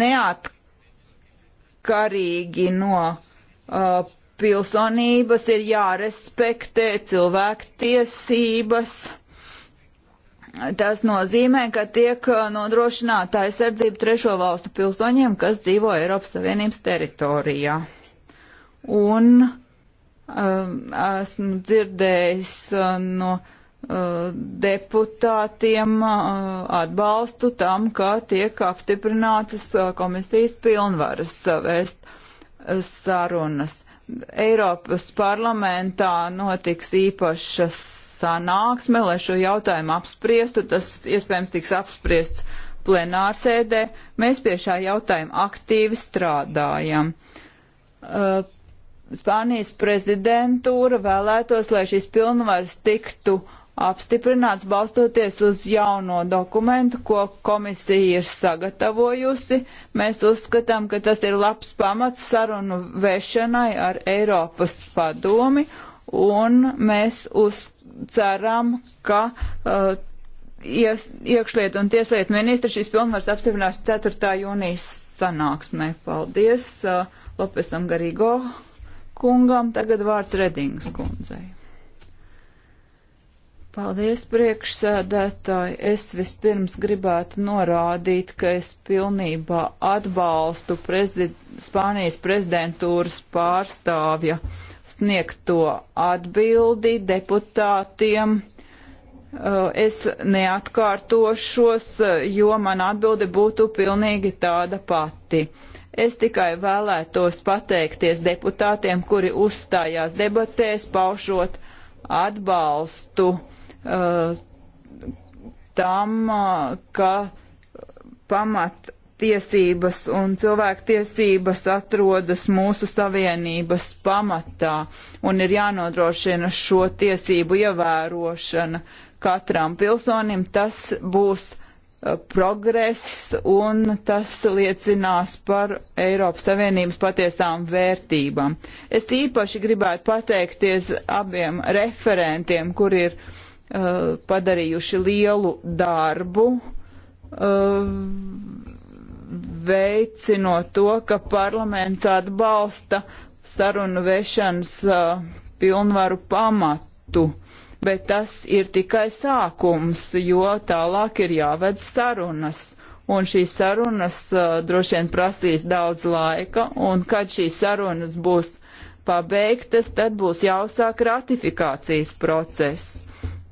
neatkarīgi no uh, pilsonības ir jārespektē cilvēku tiesības. Tas nozīmē, ka tiek uh, nodrošināta aizsardzība trešo valstu pilsoņiem, kas dzīvo Eiropas Savienības teritorijā. Un uh, Um, esmu dzirdējis uh, no uh, deputātiem uh, atbalstu tam, ka tiek apstiprinātas komisijas pilnvaras vēst sarunas. Eiropas parlamentā notiks īpaša sanāksme, lai šo jautājumu apspriestu. Tas iespējams tiks apspriests plenārsēdē. Mēs pie šā jautājuma aktīvi strādājam. Uh, Spānijas prezidentūra vēlētos, lai šis pilnvars tiktu apstiprināts balstoties uz jauno dokumentu, ko komisija ir sagatavojusi. Mēs uzskatām, ka tas ir labs pamats sarunu vešanai ar Eiropas padomi, un mēs uzceram, ka uh, ies, iekšlietu un tieslietu ministri šīs pilnvars apstiprinās 4. jūnijas sanāksmē. Paldies uh, Lopesam Garīgo kungam, tagad vārds Redings kundzei. Paldies, priekšsēdētāji. Es vispirms gribētu norādīt, ka es pilnībā atbalstu prezid Spānijas prezidentūras pārstāvja sniegto atbildi deputātiem. Uh, es neatkārtošos, jo man atbildi būtu pilnīgi tāda pati. Es tikai vēlētos pateikties deputātiem, kuri uzstājās debatēs, paušot atbalstu uh, tam, uh, ka pamattiesības un cilvēktiesības atrodas mūsu savienības pamatā un ir jānodrošina šo tiesību ievērošana katram pilsonim. Tas būs Uh, progress, un tas liecinās par Eiropas Savienības patiesām vērtībām. Es īpaši gribētu pateikties abiem referentiem, kur ir uh, padarījuši lielu darbu, uh, veicinot to, ka parlaments atbalsta sarunu vešanas uh, pilnvaru pamatu bet tas ir tikai sākums, jo tālāk ir jāved sarunas. Un šīs sarunas uh, droši vien prasīs daudz laika, un kad šīs sarunas būs pabeigtas, tad būs jāuzsāk ratifikācijas process.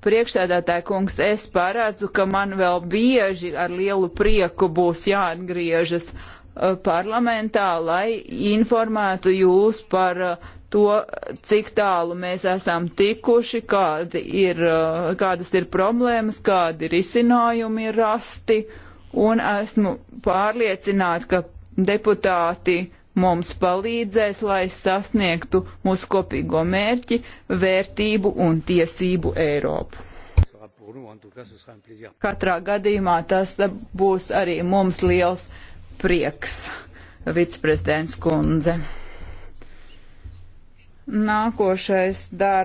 Priekšsēdētāja kungs, es paredzu, ka man vēl bieži ar lielu prieku būs jāatgriežas uh, parlamentā, lai informētu jūs par uh, to, cik tālu mēs esam tikuši, kādi ir, uh, kādas ir problēmas, kādi risinājumi ir rasti, un esmu pārliecināta, ka deputāti mums palīdzēs, lai sasniegtu mūsu kopīgo mērķi, vērtību un tiesību Eiropu. Katrā gadījumā tas būs arī mums liels prieks, viceprezidents kundze. Nākošais darbs.